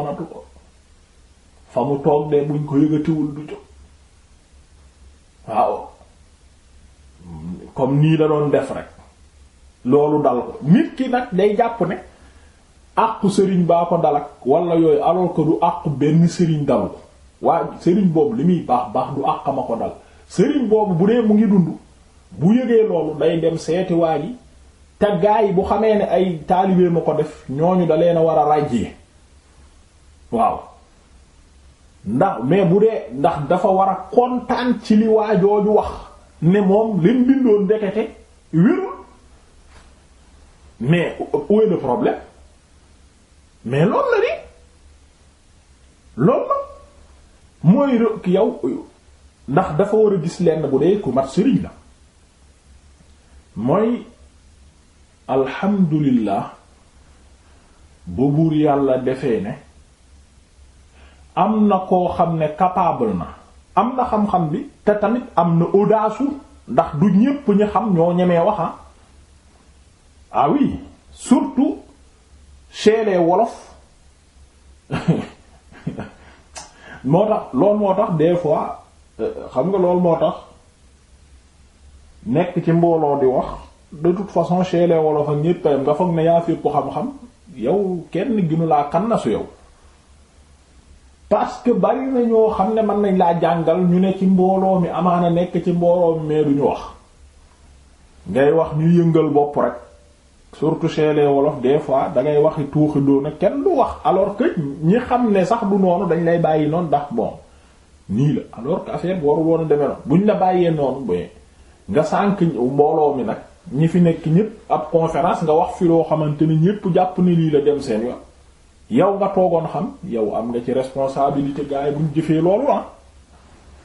fa mu toog de ñu ko yëgatiwul du jóg waaw comme nii da doon def rek loolu dal ko nit ki nag day jàpp ne àqu sëriñ baa ko dalak wala yooyu alors que du àqu benn sëriñ dalu ko waaye sëriñ boobu li muy baax baax du àq ma ko dal sëriñ boobu bu dee mu ngi dund bu yëgee loolu day dem seeti waa ji te gaa yi bu xamee ne ay taalibe ma ko def ñooñu da leen a war a ràjjee waaw ndax mais bu dee ndax dafa war a kontaan ci li waajooju wax ne moom leen bindoon ndekete wérul mais où est le problème mais loolu la di loolu la mooy rek yow ndax dafa war a gis lenn bu dee ku mat sëriñ la mooy alhamdulillah bu buur yàlla defee ne am na koo xam ne capable na am na xam-xam bi te tamit am na audace ndax du ñépp ñu xam ñoo ñemee wax ah, ah oui surtout chez wolof moo tax loolu moo tax des fois euh, xam nga loolu moo tax nekk ci mbooloo di wax de toute façon chez les wolof ak ñépp nga foog ne yaa fépp xam-xam yow kenn ginu laa kan na su yow parce que bari na ñoo xam ne mën nañ laa jàngal ñu ne ci mbooloo mi amaana nekk ci mbooloo mi mais duñu wax ngay wax ñu yëngal bopp rek surtout chez les wolof des fois dangay waxi tuuxi doona kenn du wax alors que ñi xam ne sax du noonu dañ lay bàyyi noonu ndax bon nii la alors que affaire waru woon a demee noonu buñ la bàyyee noonu ba nga sànq mbooloo mi nag ñi fi nekk ñépp ab conférence nga wax fi loo xamante ni ñépp jàpp ni lii la dem seen yoon yow nga toogoon xam yow am nga ci responsabilité gars yi buñ jëfee loolu ah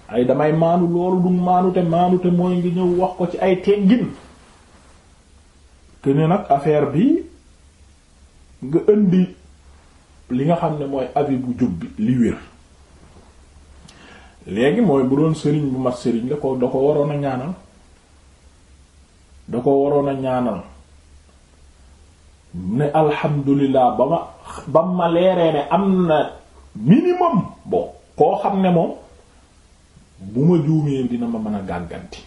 ay damay maanu loolu du maanute maanute mooy ngi ñëw wax ko ci ay teggin te ne nag affaire bi nga indi li nga xam ne mooy avis bu jub li wér léegi mooy bu doon sëriñ bu mat sëriñ la ko da ko waroon a ñaanal da ko waroon a ñaanal ne alhamdulilah ba ba ma leeree ne am na minimum bon koo xam ne moom bu ma juumee dina ma mën a gàgganti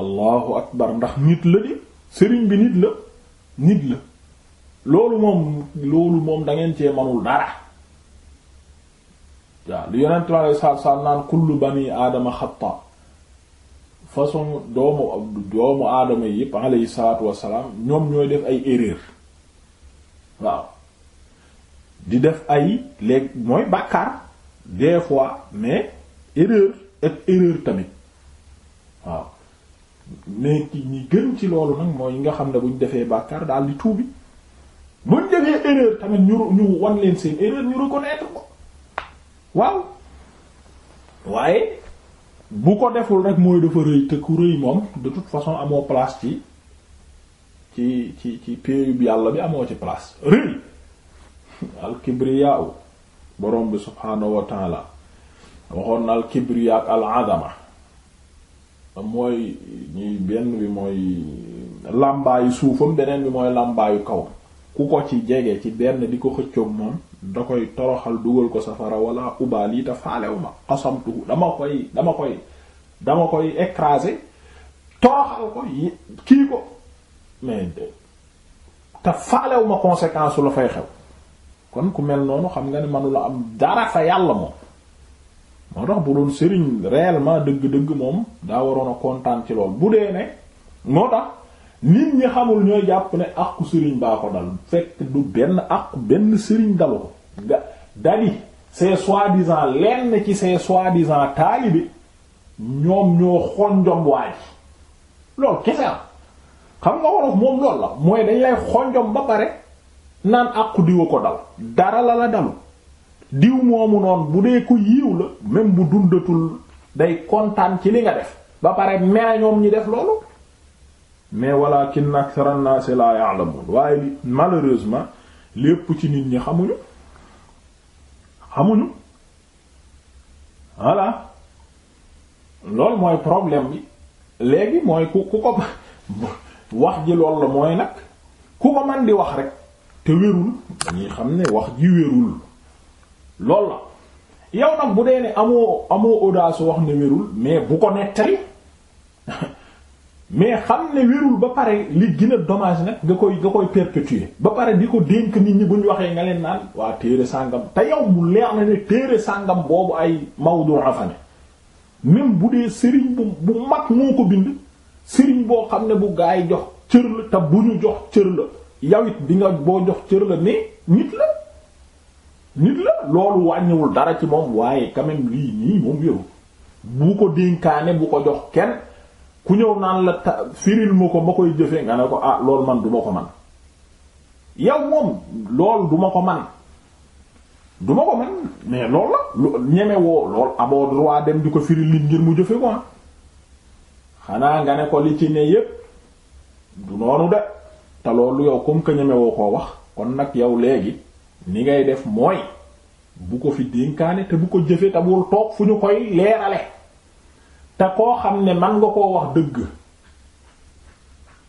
allahu akbar ndax nit la di sëriñ bi nit la nit la loolu moom loolu moom dangeen ngeen cee manul dara waaw lu yonent mi alei satu naan kullu bani aadama xata façon doomu doomu aadama yi yépp aleyhi salatu wasalaam ñoom ñooy def ay erreur waaw di def ay léeg mooy bàkkaar des fois mais erreur ak erreur tamit waaw mais ki ñi gën ci loolu nag mooy yi nga xam ne bu defee bàkkaar daal di tuubi bu ñu defee erreur tamit ñu ñu wan leen seen erreur ñu reconnaître ko waaw waaye bu ko deful rek mooy dafa rëy te ku rëy moom de toute façon amoo place ci ci ci ci péeyub yàlla bi amoo ci place rëy alkibriya u borom bi subhaanahu wa waxoon na alkibriya al adama mooy ñuy benn bi mooy làmbaayu suufam beneen bi mooy làmbaayu kaw ku ko ci jege ci benn di ko xëccoog moom da koy toroxal dugal ko safara wala ubaal yi te faalewu ma xasamtuhu dama dama koy dama koy écraser toroxal ko kii ko mais te faalew ma conséquence su la fay xew kon ku mel noonu xam nga ne manula am dara fa yàlla moom moo tax bu doon sëriñ réellement dëgg-dëgg moom daa waroon a kontaan ci lool bu dee ne moo tax nit ñi xamul ñooy jàpp ne àqu sëriñ baa ko dal fekk du benn àqu benn sëriñ dalu ko ga dali ces soi-disant lenn ci ces soi-disant bi ñoom ñoo xonjom waa loolu kese xam nga wolof moom loolu la mooy dañ lay xonjom ba pare naan àqu diwa ko dal dara la la dalu diw moomu noonu bu dee ko yiiw la même bu dundatul day kontaan ci li nga def ba pare mais ñoom ñi def loolu mais walakin akthara an-nas la ya'lamun waaye malheureusement lépp ci nit ñi xamuñu xamuñu voilà loolu mooy problème bi léegi mooy ku ku ko wax ji lool la mooy nag ku ko man di wax rek te wérul dañuy xam ne wax ji wérul lool la yow nag bu dee ne amoo amoo audace wax ne wérul mais bu ko nettali mais xam ne wérul ba pare li gën domage nag nga koy nga koy perpétuer ba pare di ko dénk nit ñi bu ñu waxee nga leen naan waa téere sàngam te yow mu leer na ne téere sàngam boobu ay mawdu afane même bu dee sëriñ bu bu mag moo ko bind sëriñ boo xam ne bu gaa yi jox cër la te bu ñu jox cër la yow it di nga boo jox cër la ne nit la nit la loolu wàññiwul dara ci moom waaye quand même lii nii moom yow bu ko dénkaane bu ko jox kenn ku ñëw naan la ta firil ma ko ma koy jëfee nga ne ko ah loolu man duma ko man yow moom loolu duma ko man duma ko man mais lool la ñeme woo lool aboo waa dem di ko firil nit ngir mu jëfe ko ah. xanaa nga ne ko li ci ne yépp du noonu de te loolu yow comme que ñemewoo koo wax kon nag yow léegi ni ngay def mooy bu ko fi dénkaane te bu ko jëfee te toog fu ñu koy leerale te koo xam ne man nga koo wax dëgg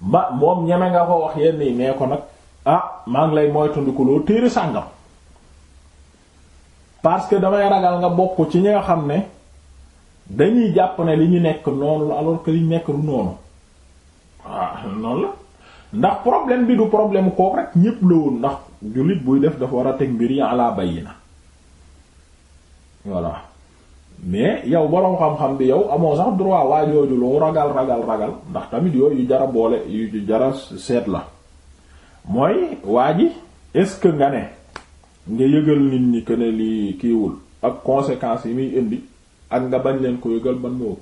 ma moom ñeme nga ko wax yenn yi nee ko nag ah maa ngi lay moytandiku loo téere sàngam parce que damay ragal nga bokk ci ñi nga xam ne dañuy jàpp ne li ñu nekk noonu la alors que li ñu nekk du noonu ah noonu la ndax problème bi du problème kook rek ñépp la woon ndax jullit buy def dafa war a teg mbir yi ala bayi na voilà mais yow boroom xam-xam bi yow amoon sax droit waa jooju lu ragal ragal ragal ndax tamit yooyu yu jara boole yu jara seet la mooy waa ji est-ce que nga ne nga yëgal nit ñi que ne lii kiiwul ak conséquence yi muy indi ak nga bañ leen ko yëgal ban moo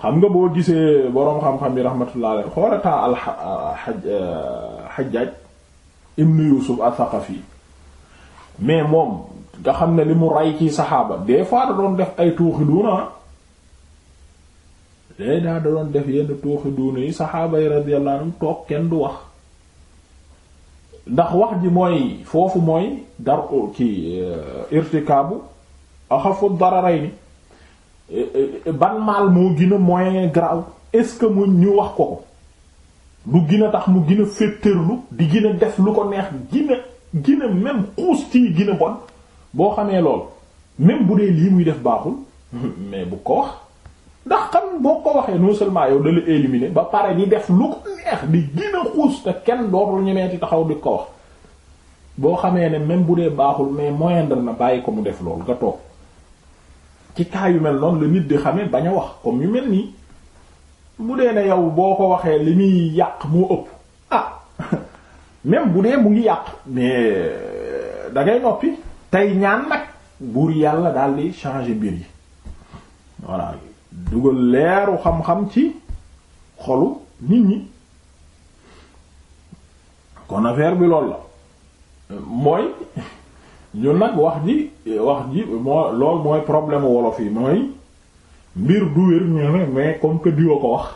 xam nga boo gisee boroom xam-xam yi rahmatullah alayhi xoolataa al euh, euh, Hajjaj ibn Yusuf al-Thaqafi mais moom nga xam ne li mu rey ci saxaaba des da doon def ay tuuxi duuna léegi ah. daa da doon def yenn tuuxi duuna yi saxaaba yi radiyallahu anhum toog kenn du wax ndax wax ji mooy foofu mooy dar ki euh, irtikaabu axafu dararayni ban mal moo gina a moyen grave est-ce que mu ñu wax ko ko lu gën a tax mu gën a féttërlu di gën a def lu ko neex gën a gën a même xuustii gën a bon boo xamee lool même bu dee lii muy def baaxul mais bu ko wax ndax xam boo ko waxee non seulement yow dala éliminer ba pare di def lu ko neex di gën a xuus te kenn dootul ñemeeti taxaw di ko wax boo xamee ne même bu dee baaxul mais moindre na bàyyi ko mu def lool nga toog ci cas yu mel noonu la nit di xamee bañ a wax comme yu mel nii bu dee ne yow boo ko waxee li muy yàq moo ëpp ah même bu dee mu ngi yàq mais euh, da ngay noppi tey ñaan nag buur yàlla daal di changer mbir yi voilà dugal leeru xam-xam ci xolu nit ñi kon affaire bi loolu la euh, mooy ñun nag wax ji wax ji moo lool mooy problème wolof yi mooy mbir du wér ñu ne mais comme que ko wax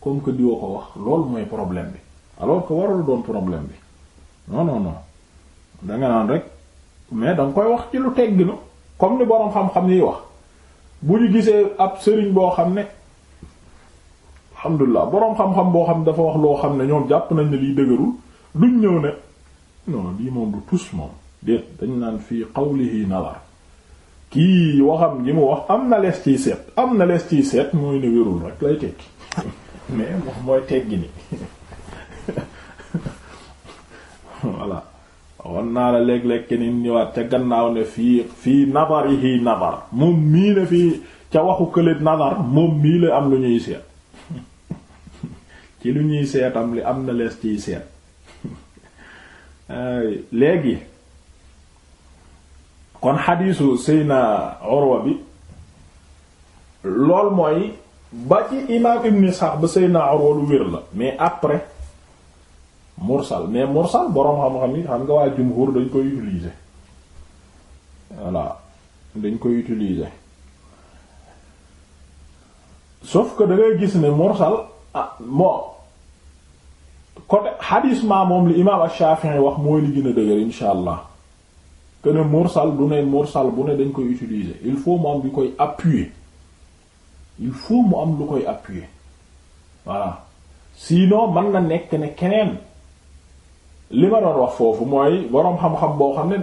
comme que ko wax loolu mooy problème bi alors ko warul doon problème bi non non non naan rek mais da koy wax ci lu tegginu comme ni boroom xam-xam yi wax bu ñu gisee ab sëriñ boo xam ne alhamdulilah boroom xam-xam boo xam dafa wax loo xam ne ñoom jàpp nañ ne liy dëgërul duñ ñëw ne non lii moom du tus moom. déet dañ naan fii qawlihi nadar kii waxam ji mu wax am na lees ciy seet am na lees ciy seet mooy ne wérul rek lay tekki mais moom mooy teggi ni voilà wan naa la léeg-léeg keneen ñëwaat ca gannaaw ne fii fii nadarihi nadar moom mii ne fii ca waxu kële nadar moom mii la am lu ñuy seet ci lu ñuy seetam li am na lees ciy seet léegi kon xadiisu seyna Urwa bi lool mooy ba ci imaam ibn Isxaaq ba seyna Urwa lu wér la mais après mursal mais mursal boroom xam-xam yi xam nga waa jumhur dañ koy utiliser voilà dañ koy utiliser sauf ko da gis ne mursal ah moo côté xadiis ma moom li imaam Shaafi'i wax mooy li gën a dëgër insha que ne mursal du ne mursal bu ne dañ koy utiliser il faut mu am lu koy appuyer il faut mu am lu koy appuyer voilà sinon mën na nekk ne keneen li ma doon wax foofu mooy boroom xam-xam boo xam ne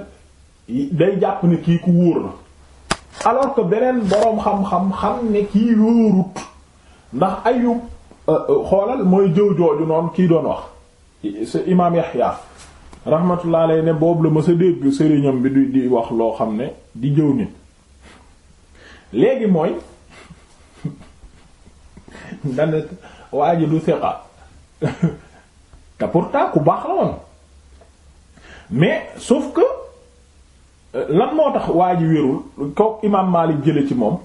day jàpp ne kii ku wóor la alors que beneen boroom xam-xam xam ne kii wóorut ndax ayub euh, euh, xoolal mooy jëw jooju noon kii doon wax sa imaam Yaxya rahmatullah alayhi ne boobu la ma sa dégg sëriñam bi di di wax loo xam ne di jëw nit léegi mooy dane waa ji du siqa te pourtant ku baax la woon mais sauf que euh, lan moo tax waa ji wérul kooku imaam Maalik jële ci moom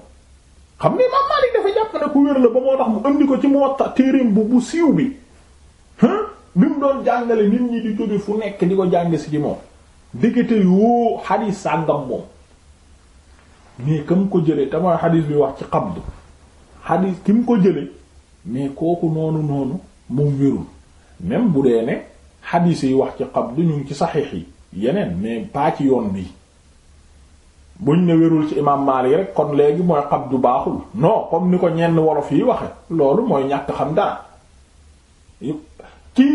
xam nga imaam Maalik dafa jàpp ku wér la ba moo tax mu indi ko ci Muwatta téereem bu bu siiw bi bi mu doon jàngale nit ñi di jóge fu nekk di ko jàng si ci moom diggante yoo xadiis sàngam moom mais ka mu ko jële te mooy xadiis bi wax ci xabdu xadiis ki mu ko jële mais kooku noonu noonu moom wérul même bu dee ne xadiis wax ci xabdu ñu ngi ci saxiix yi yeneen mais pas ci yoon bi buñ ne wérul ci imam Maalik rek kon léegi mooy xabdu baaxul non comme ni ko ñenn wolof yi waxe loolu mooy ñàkk xam dara ci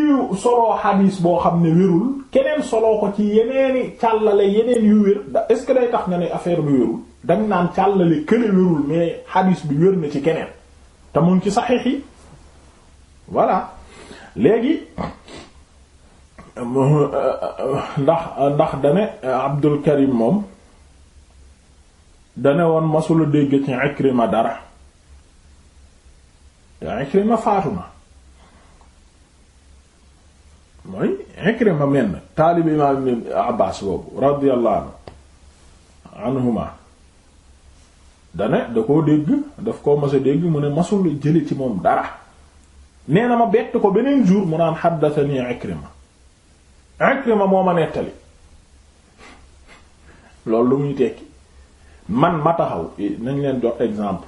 soloo xadiis boo xam ne wérul keneen solo ko ci yeneeni càllale yeneen yu wér da est day tax nga ne affaire bi wérul danga naan càllale kële wérul mais xadiis bi wér na ci keneen te mun ci saxiix yi voilà léegi ndax ndax dane Abdul Karim moom dane woon masula dégg ci Ikrima dara te Ikrima faatu na mooy Ikrima menn taalib imaam ibn Abbaas boobu radiyallahu anhuma dane da koo dégg daf koo mas a dégg mu ne masul jëli ci moom dara nee na ma bett ko beneen jour mu naan xaddatani Ikrima Ikrima moo ma nettali loolu lu muy tekki man ma taxaw nañ leen jox exemple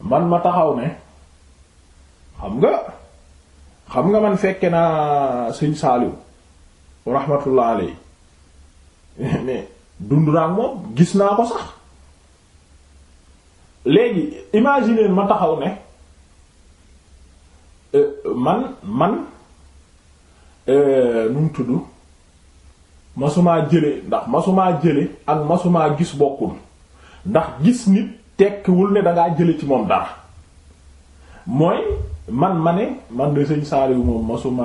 man ma taxaw ne xam nga xam nga man fekke naa suñ Saaliw rahmatullah alayhi mais dund naa moom gis naa ko sax léegi imaginer ma taxaw ne euh, man man euh, nu mu tudd masumaa jële ndax masumaa jële ak masumaa gis bokkul ndax gis nit tekkiwul ne dangaa jële ci moom dara mooy man ma ne man de sëñ Saaliw moom masuma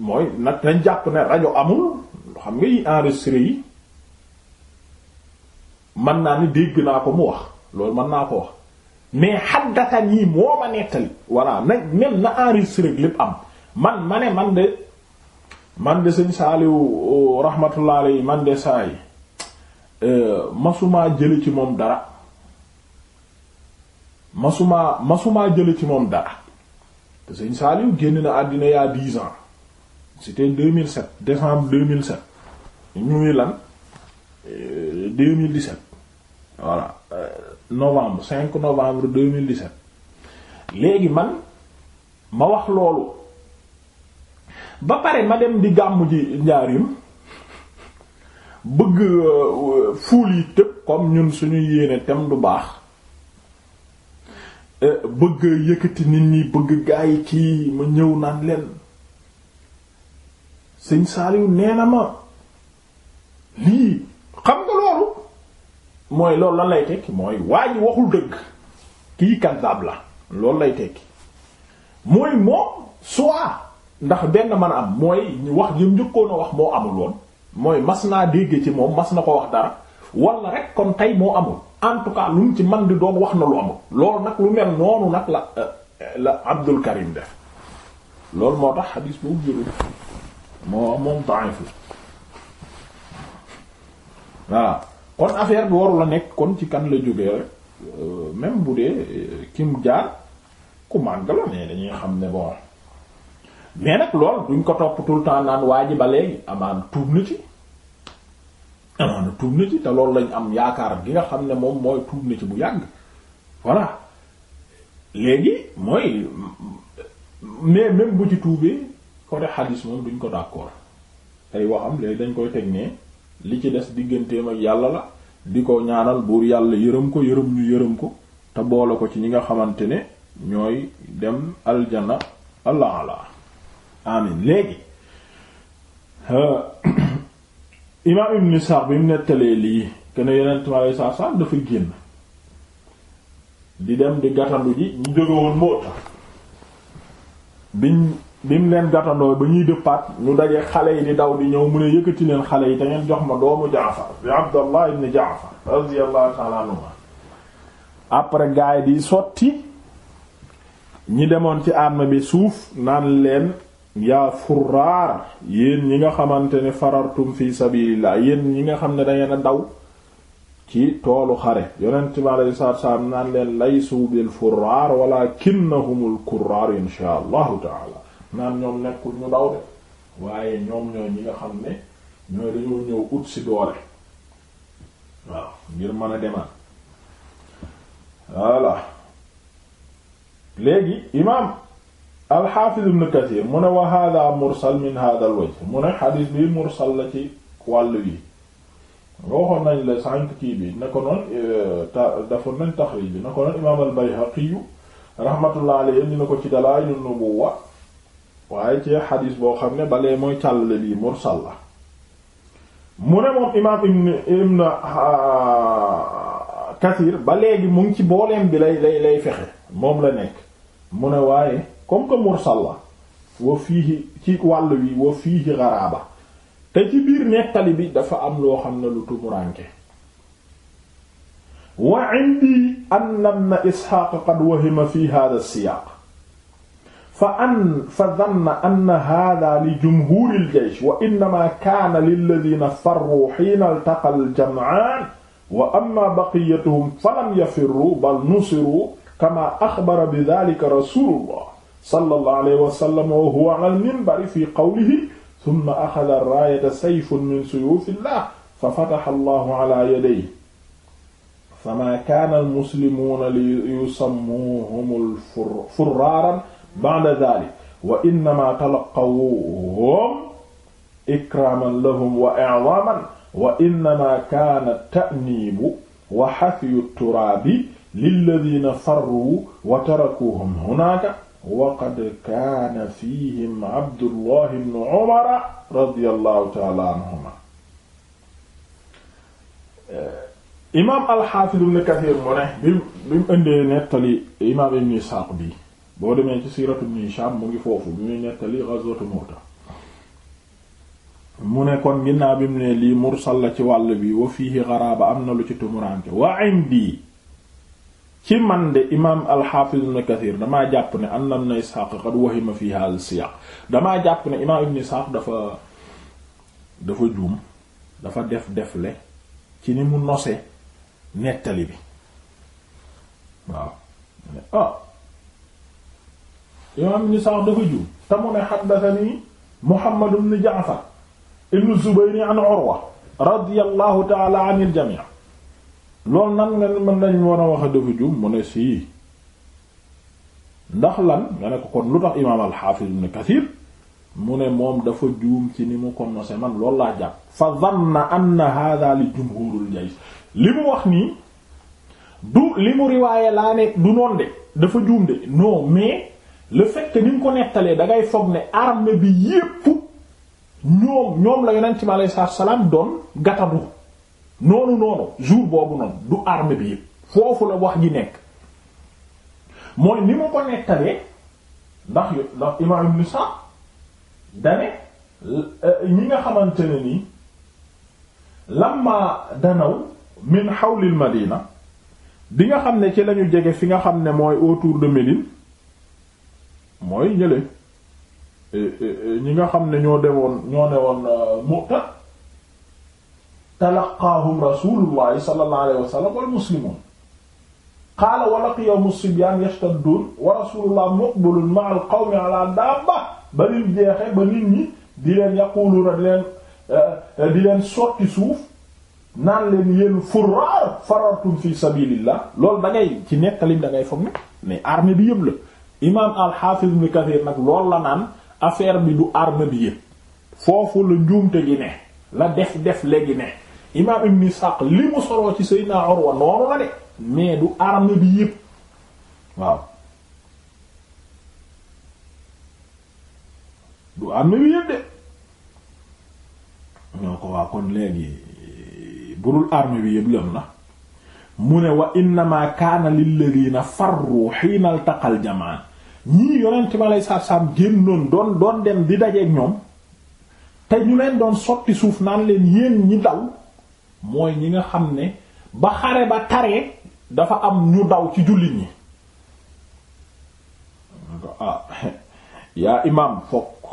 mooy nag nañ jàpp ne rajo amul xam nga yi enregistré yi man naa ni dégg naa ko mu wax loolu mën naa ko wax mais xaddatan yi moo ma nettali voilà nag même na enregistré lépp am man ma ne man de man de sëñ Saaliw oh, rahmatullah alayhi man de saa yi euh, masumaa jële ci moom dara masumaa masumaa jële ci moom dara te sëñ Saaliw génn na àddina yaa dix ans c'était 2007 décembre 2007 ñu ngi lan 2017 euh, voilà euh, novembre 5 novembre 2017 léegi man ma wax loolu ba pare ma dem di gàmm ji njaarim bëgg euh, fuul yi tëb comme ñun suñu yéene tem du baax Euh, bëgg yëkkati nit ñi bëgg gaay ci ma ñëw naan leen sëñ Saliou nee na ma lii xam nga loolu mooy loolu lan lay tekki mooy waa ji waxul dëgg kii kàddaab la lool lay tekki mooy moom soit ndax benn mën a am mooy wax jëm njëkkoon wax moo amul woon mooy mas naa dégg ci moom mas na ko wax dara wala rek kon tey moo amul en tout cas mu ci man di doon wax na lu amul loolu nag lu mel noonu nag la euh, la Abdul Karim def loolu moo tax xadiis boobu jëlul moo moom da'if voilà kon affaire bi waru la nekk kon ci kan la jógee rek euh, même bu dee euh, kim jaar ku màgg la mais dañuy xam ne bon mais nag lool duñ ko topp tout le temps naan waa ji amaan tuub na ci amaana tuub na ci te loolu lañ am yaakaar gi nga xam ne moom mooy tuub na ci bu yàgg voilà léegi mooy mais même bu ci tuubee côté xadis moom duñ ko d'accord ay waxam léegi dañ koy teg ne li ci des digganteem ak yàlla la di ko ñaanal buur yàlla yërëm ko yërëm ñu yërëm ko te boole ko ci ñi nga xamante ne ñooy dem aljana allah ala amin léegi euh, imaam ibn Isaaq bi mu nettalee lii kene yeneen mi alei saatu salaam dafa génn di dem di gàttandu yi ñu jóge moo tax bi mu leen gàttandoo ba ñuy dëppaat ñu daje xale yi di daw di ñëw mu ne yëkkati leen xale yi te ngeen jox ma doomu Jaafar bi Abdallah ibn Jaafar radiyallahu ta'ala anhu après gaay di sotti ñi demoon ci arme bi suuf naan leen yaa furraar yéen ñi nga xamante ne farartum fi sabilillah yéen ñi nga xam ne dangeen a daw ci toolu xare yonent bi alayhi salaatu naan leen laysu bil furraar walaakinnahumul kurraar insha allahu taala naan ñoom nekkul ñu daw de waaye ñoom ñooy ñi nga xam ne ñooy dañoo ñëw ut si doole waaw ngir mën a demaan voilà léegi imaam alxaafiz ibn kathir mu ne wa hada mursal mursal la ci wàll wi nga waxoon nañ la sànq kii bi ne ko noon eh, dafa nañ taxrij bi ne ko noon imaam al bayhaqi rahmatullah alayhi indi ko ci dalaa'ilu nubuwwa waaye ci xadis boo xam ne balee mooy càllale bii mursal la mu ne moom imaam ibn ibn ah, kathir ba léegi mu ngi ci booleem bi lay lay lay fexe moom la nekk mu ne waaye comme que mursal la wa fiihi ci wàll wi wa fiihi garaaba te ci biir nettali bi dafa am loo xam ne lu tumuranke wa indi anna ibn isxaaq qad wahima fi hada siyaaq fa an fa danna anna hada li jumhuri ljeysh wa innama kaana lilladina farruu xiina altaqa aljamcaan wa amma baqiyatuhum falam yafirruu bal nusiruu kama axbara bidalika rasulullah sallallahu alayhi wa sallam wa huwa ala al-minbari fi qawlihi thumma akhadha ar-raayata sayfun min suyufi llah fa fataha allahu ala yadayhi fama kaana al-muslimuuna li yusammuuhum furraaran ba'da dhaalika wa innamaa talaqqawhum ikraaman lahum wa i'zaaman wa innamaa kaana at-ta'niibu wa hafyu at-turaabi lilladhiina farruu wa tarakuuhum hunaaka waqad kaana fihim abdullah ibn umara radiyallahu taala anhuma imaam alxaafis ibn kathir mu bi bi imaam ibn isxaaq bi boo demee ci siiratu ibn hishaam mu ngi foofu bi muy nettali ghazwatu muuta mu ne kon ginnaaw bi mu ne lii mursal la ci wàll bi wa fiihi gharaba am na lu ci tumuraanke wa indi ci man de imaam al-Hafiz Kathir damaa jàpp ne anna Ibn Ishaq qad wahima fi hadha as-siyaq damaa jàpp ne imaam Ibn Ishaq dafa juum dafa def defle ci ni mu nose nettali bi waaw ah, imaam Ibn Ishaq dafa juum te ne haddathani Muhammad ibn Ja'far ibn Zubayr an Urwa radiyallahu ta'ala anil jami' loolu nan nga mën nañ war a wax a dafa jum mu ne sii ndax lan nga ne ko kon lu tax imaam al-Hafiz ibn Kathir mu ne moom dafa juum ci ni mu commencé man loolu laa jàpp fa zanna anna hadha li jumhurul jays li mu wax nii du li mu riwaaye laa ne du noon de dafa juum de non mais la fekk que ni mu ko nettalee da foog ne armée bi yépp ñoom ñoom la yonent bi alayhi salaam doon gatadu noonu noonu jour boobu noonu du armée bi foofu la wax ji nekk mooy ni mu ko nettalee ndax ndax imam ibn Sa'd dane euh, ñi nga xamante ne nii lamma danaw min hawlil madina bi nga xam ne ci lañu jege fi nga xam ne mooy autour de Médine mooy ñële euh, euh, ñi nga xam ne ñoo dewoon ñoo newoon Mu'ta talaqaahum rasulullahi sallallahu alayhi wa sallam wal qaala wa laqiyahumu sibyaan yashtadduun wa rasulullah muqbilun ma'a al qawmi ala dabba ba nim jeexe ba nit ñi di leen yaquluuna di eh, di leen sotti suuf naan leen yéen furaar farartum fi sabilillah loolu da ci nettalim da ngay foog ne mais bi yëpp la imaam al-Hafiz Kathir nag loolu la naan affaire bi du armée bi yëpp foofu la njuumte gi ne la def def léegi ne imaam ibn Ishaq li mu soloo ci Seydina Urwa noonu la de mais du arme bi yépp waaw du arme bi yépp de ñoo ko waa kon léegi burul arme bi yépp lam mu ne wa innama kaana lilladina farru xiina altaqal jamaan ñii yonent ma lay saab saab génnoon doon doon dem di dajeeg ñoom te ñu leen doon sotti suuf naan leen yéen ñi daw mooy ñi nga xam ne ba xare ba taree dafa am ñu daw ci jullit ñi ah yaa imaam fokk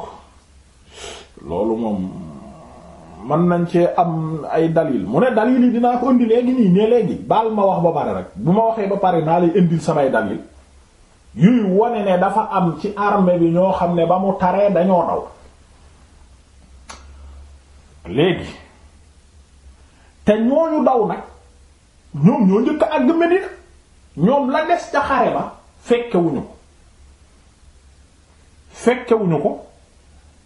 loolu moom man nañ cee am ay dalil mu ne dalil yi dinaa ko indi léegi nii ne léegi baal ma wax ba pare rek bu ma waxee ba pare naa lay indil samay dalil yuy wone ne dafa am ci armée bi ñoo xam ne ba mu taree dañoo daw léegi te ñooñu daw nag ñoom ñoo njëkk àgg Medina ñoom la des ca xare la fekkewuñu ko fekkewuñu ko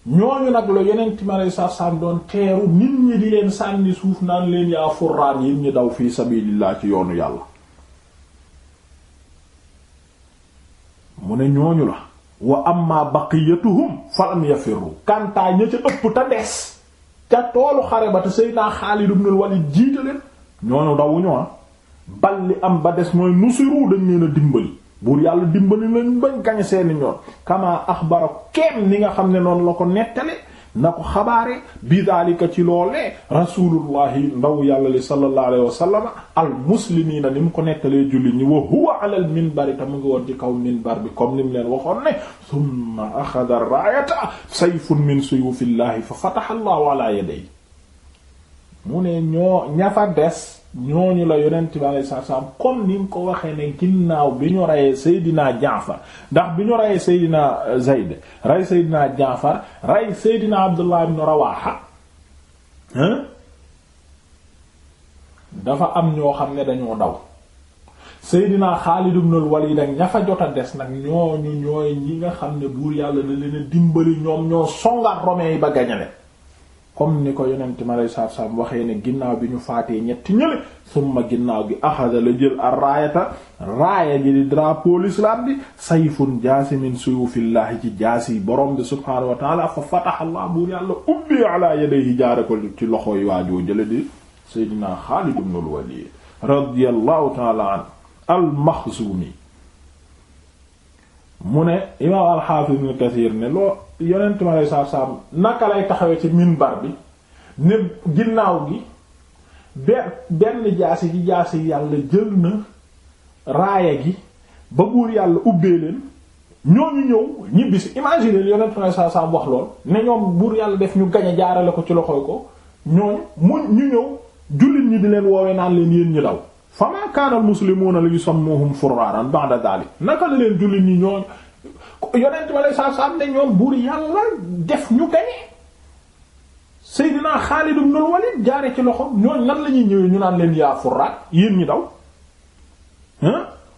ñooñu nag la yenent mi alei satu doon teeru nit ñi di leen sànni suuf naan leen yaa furraan yi ñi daw fi sabilillah ci yoonu yàlla mu ne ñooñu la wa amma baqiyatuhum falam yafirru kantaa ña ca ëpp ta des ca toolu xare ba te Seydina Xaalid ibn al-Walid jiite leen ñooñu dawuñu ah bal li am ba des mooy nusiru dañ leen a dimbali buur yàlla dimbali leen bañ gañ seeni ñoon kamaa axbara kenn ni nga xam ne noonu la ko nettale na ko xabaare bi daalika ci loolee rasulullahi ndaw yàlla li sallallahu alayhi wa sallam al muslimiina ni mu ko nettalee julli ñi wa huwa ala al minbari te mu ngi woon ci kaw minbar bi comme ni mu leen waxoon ne thumma axada raayata sayfun min suyufillahi fa fataha allahu ala yadayhi mu ne ñoo ñafa des ñooñu la yonent bi alayhi salaam comme ni mu ko waxee ne ginnaaw bi ñu reyee Seydina Jaafar ndax bi ñu reyee Seydina Zayd rey Seydina Jaafar rey Seydina Abdullah ibn Rawaha dafa am ñoo xam ne dañoo daw Seydina Xaalid ibn al ña fa jot a des nag ñooñu ñooy ñi nga xam ne buur yàlla na leen a dimbali ñoom ñoo songaat romain yi ba gañale comme ni ko yonente mi alei saatu salaam waxee ne ginnaaw bi ñu faatee ñetti ñële summa ginnaaw gi axada la jël ar raayata raaya ji di drapeau l'islam bi sayfun jaasimin suyufillahi ci jaasi borom bi subhaanahu wa taala fa fataha allah buur yàlla ubbi ala yadayhi jaare ko ci loxoy waajoo jële di seydina xaalid ibn al radiyallahu taala an mu ne imaam al xaafis ibn ne loo yonent ma lay saab saab naka lay taxawee ci minbar bi ne ginnaaw gi benn jaasi ji jaasi yàlla jël na raaya gi ba buur yàlla ubbee leen ñooñu ñëw ñibbisi imagine yonent ma lay saab saab wax lool ne ñoom buur yàlla def ñu gañe jaarale ko ci loxoy ko ñooñu mu ñu ñëw jullit ñi di leen woowe naan leen yéen ñi daw fa ma kaanal muslimuuna li yusammuhum furaaran ba'da daalik naka la leen jullit ñi ñooñu yonent ma lay saab saab ne ñoom buur yàlla def ñu gañe Seydina Xaalid ibn Walid jaare ci loxo ñooñ nan lañuy ñëwee ñu naan leen yaa yéen ñi daw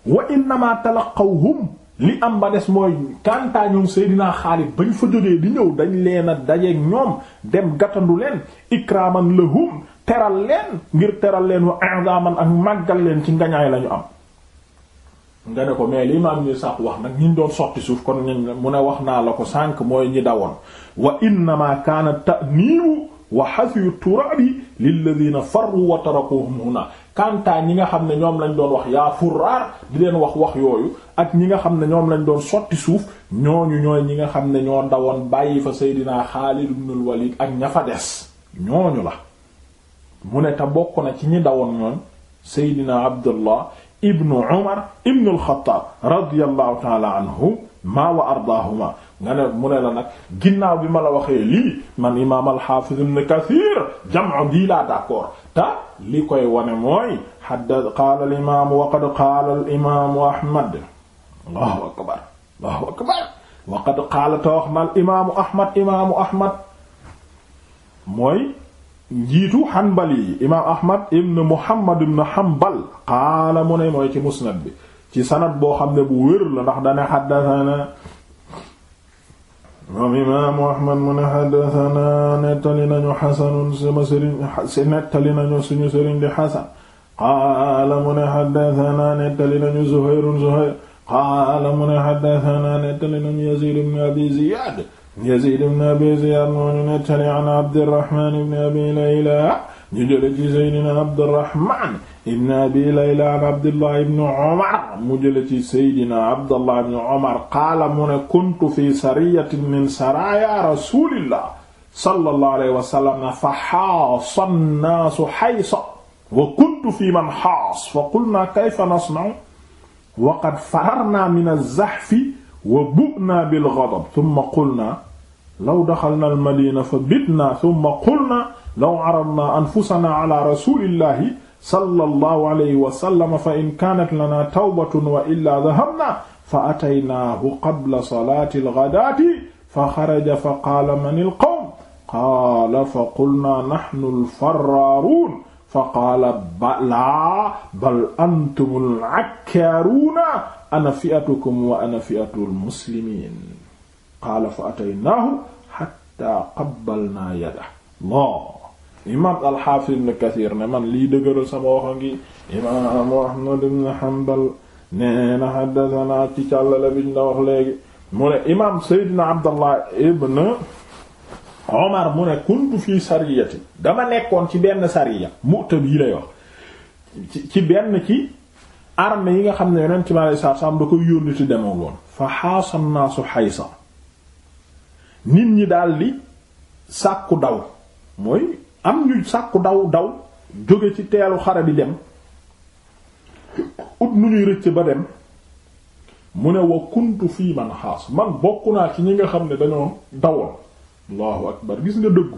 wa innama talaqawhum li am ba des mooy kantaa ñoom Seydina Xaalid bañ fa jógee di ñëw dañ leen a dajeeg ñoom dem gàttandu leen ikraman lahum teral leen ngir teral leen wa i'zaman ak màggal leen ci ngañaay lañu am nga ne ko mais li imaam ni sàq wax nag ñu doon sotti suuf kon ñun mu ne wax naa la ko sànq mooy ñi dawoon wa innama kaana ta'niibu wa hasyu turaabi lilladina farru wa tarakuhum huna kantaa ñi nga xam ne ñoom lañ doon wax yaa furraar di leen wax wax yooyu ak ñi nga xam ne ñoom lañ doon sotti suuf ñooñu ñooy ñi nga xam ne ñoo dawoon bàyyi fa seydinaa Xaalid ibnul Walid ak ña fa des ñooñu la mu ne te bokk na ci ñi dawoon ñoon seydinaa Abdullah ibnu umar ibnu alxataab radiallahu taala anhu maa wa ardaahuma nga ne mu ne la nag ginnaaw bi ma la waxee lii man imaam alxaafiz ibn kathir jam'u bii laa d'accord te li koy wane mooy xadda qaala al imaamu wa qad qaala al imaamu ahmad allahu akbar allahu akbar wa qad qaala te wax na al imaamu ahmad imaamu ahmad mooy njiitu xanbali yi imaam ahmad ibn muhammad ibn hanbal qaala mu ne mooy ci musnad bi ci sanad boo xam ne bu wér la ndax dane xaddathana moom imaamu ahmad mu ne xaddathana nettali nañu xasanun sama sëriñ nettali nañu suñu sëriñ di xasan qaala mu ne xaddathana nettali nañu zuhayrun zuhayr qaala mu ne xaddathana nettali nañu yazid ibn abi ziyad Yaziid ibn Abi Ziyaad moo ñu nettali an Abdurrahmaan ibn Abi Layla ñu jële ci Seydina Abdurrahmaan ibn Abi Layla an Abdullah ibn Umar mu jële ci Seydina Abdullah ibn Umar qaala mu ne kuntu fi sariyatin min saraaya Rasuulillah sallallahu alayhi wa sallam fa haasa an-naasu haysa wa kuntu fi man haas fa qulnaa kayfa nasna'u wa qad fararnaa min az-zahfi wa bu'na bil ghadab thumma qulna law daxalna al madina fa bitna thumma qulna law aradna anfusana ala rasulillahi sallallahu alayhi wa sallam fa in kaanat lana tawbatun wa illaa dahabna fa ataynaahu qabla salaati al-ghadaati fa xaraja fa qaala man al-qawm qaala fa qulnaa nahnu al-farraaruun fa qaala balaa bal antum al-'akkaaruun ana fi'atukum wa ana fi'atul muslimiin qaala fa ataynaahu xatta qabbalnaa yada laa imaam alxaafis ibn kathir ne man lii dëgëral sama waxa ngi imaamu ahmad ibn hanbal nee na xaddasanaa ci càllale biñ la wax léegi mu ne imaam seydina abdallah ibn omar mu ne kuntu fii sariyati dama nekkoon ci benn sariya mu'ta bii ci benn ci armée yi nga xam ne yonent bi alayhi salaatu salaam da koy yónni ci demoo woon fa xaasa naasu xaysa nit ñi daal di sàkku daw mooy am ñu sàkku daw daw jóge ci teelu xare bi dem ut nu ñuy rëcc ba dem mu ne wa kuntu fii man xaas man bokk naa ci ñi nga xam ne dañoo dawoon allahu akbar gis nga dëggu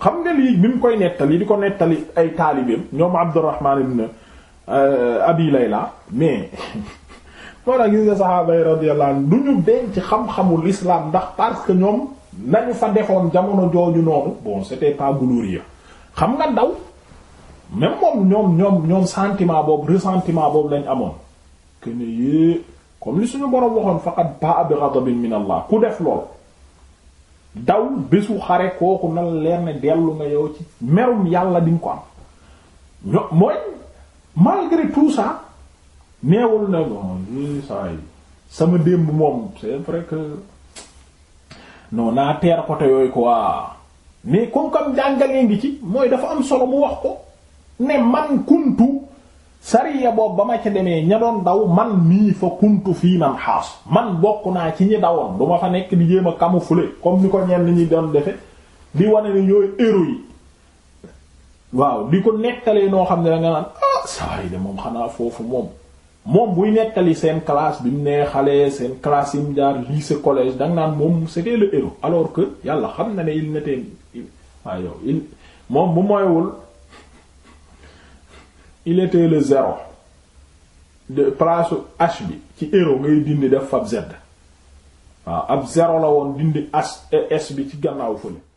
xam nga lii bi mu koy nettali di ko nettali ay taalibeem ñoom Abdurrahman ibn Euh, abi layla mais moo tax gis nga saxaaba yi radiyallahu anhu du ñu denc xam-xamul islam ndax parce que ñoom nañu fa defoon jamono jooju noonu bon c'était pas glorieux xam nga ndaw même moom ñoom ñoom ñoom sentiment boobu ressentiment boobu lañ amoon que ne yée comme li suñu boroom waxoon faqad ba'a bi ghadabin min Allah ku def lool daw bésu xare kooku nan leer ne dellu nga yow ci merum yàlla di nga ko am ño mooy malgré tout ça neewul na bon saa yi sama démb moom c'est près que non naa teer côté yooyu ko waa mais comme comme jàngalee ngi ci mooy dafa am solo mu wax ko ne man kuntu sariya boobu ba ma ca demee ña doon daw man mii fa kuntu fii man xaas man bokk naa ci ñi dawoon du ma fa nekk di jéem a camoufler comme ni ko ñenn ñi doon defe di wane ne ñooy héros yi waaw di ko nettalee noo xam ne da naan ah, ah de moom xanaa foofu moom moom buy nettali seen classe bi mu nee seen classe yi mu jaar lycée collège danga naan moom c'était le héros alors que yàlla xam na ne il n'était il moom bu moywul il était le zéro de place H bi ci héros ngay dindi def fab Z waaw ab zéro la woon dindi as S bi ci gannaaw fële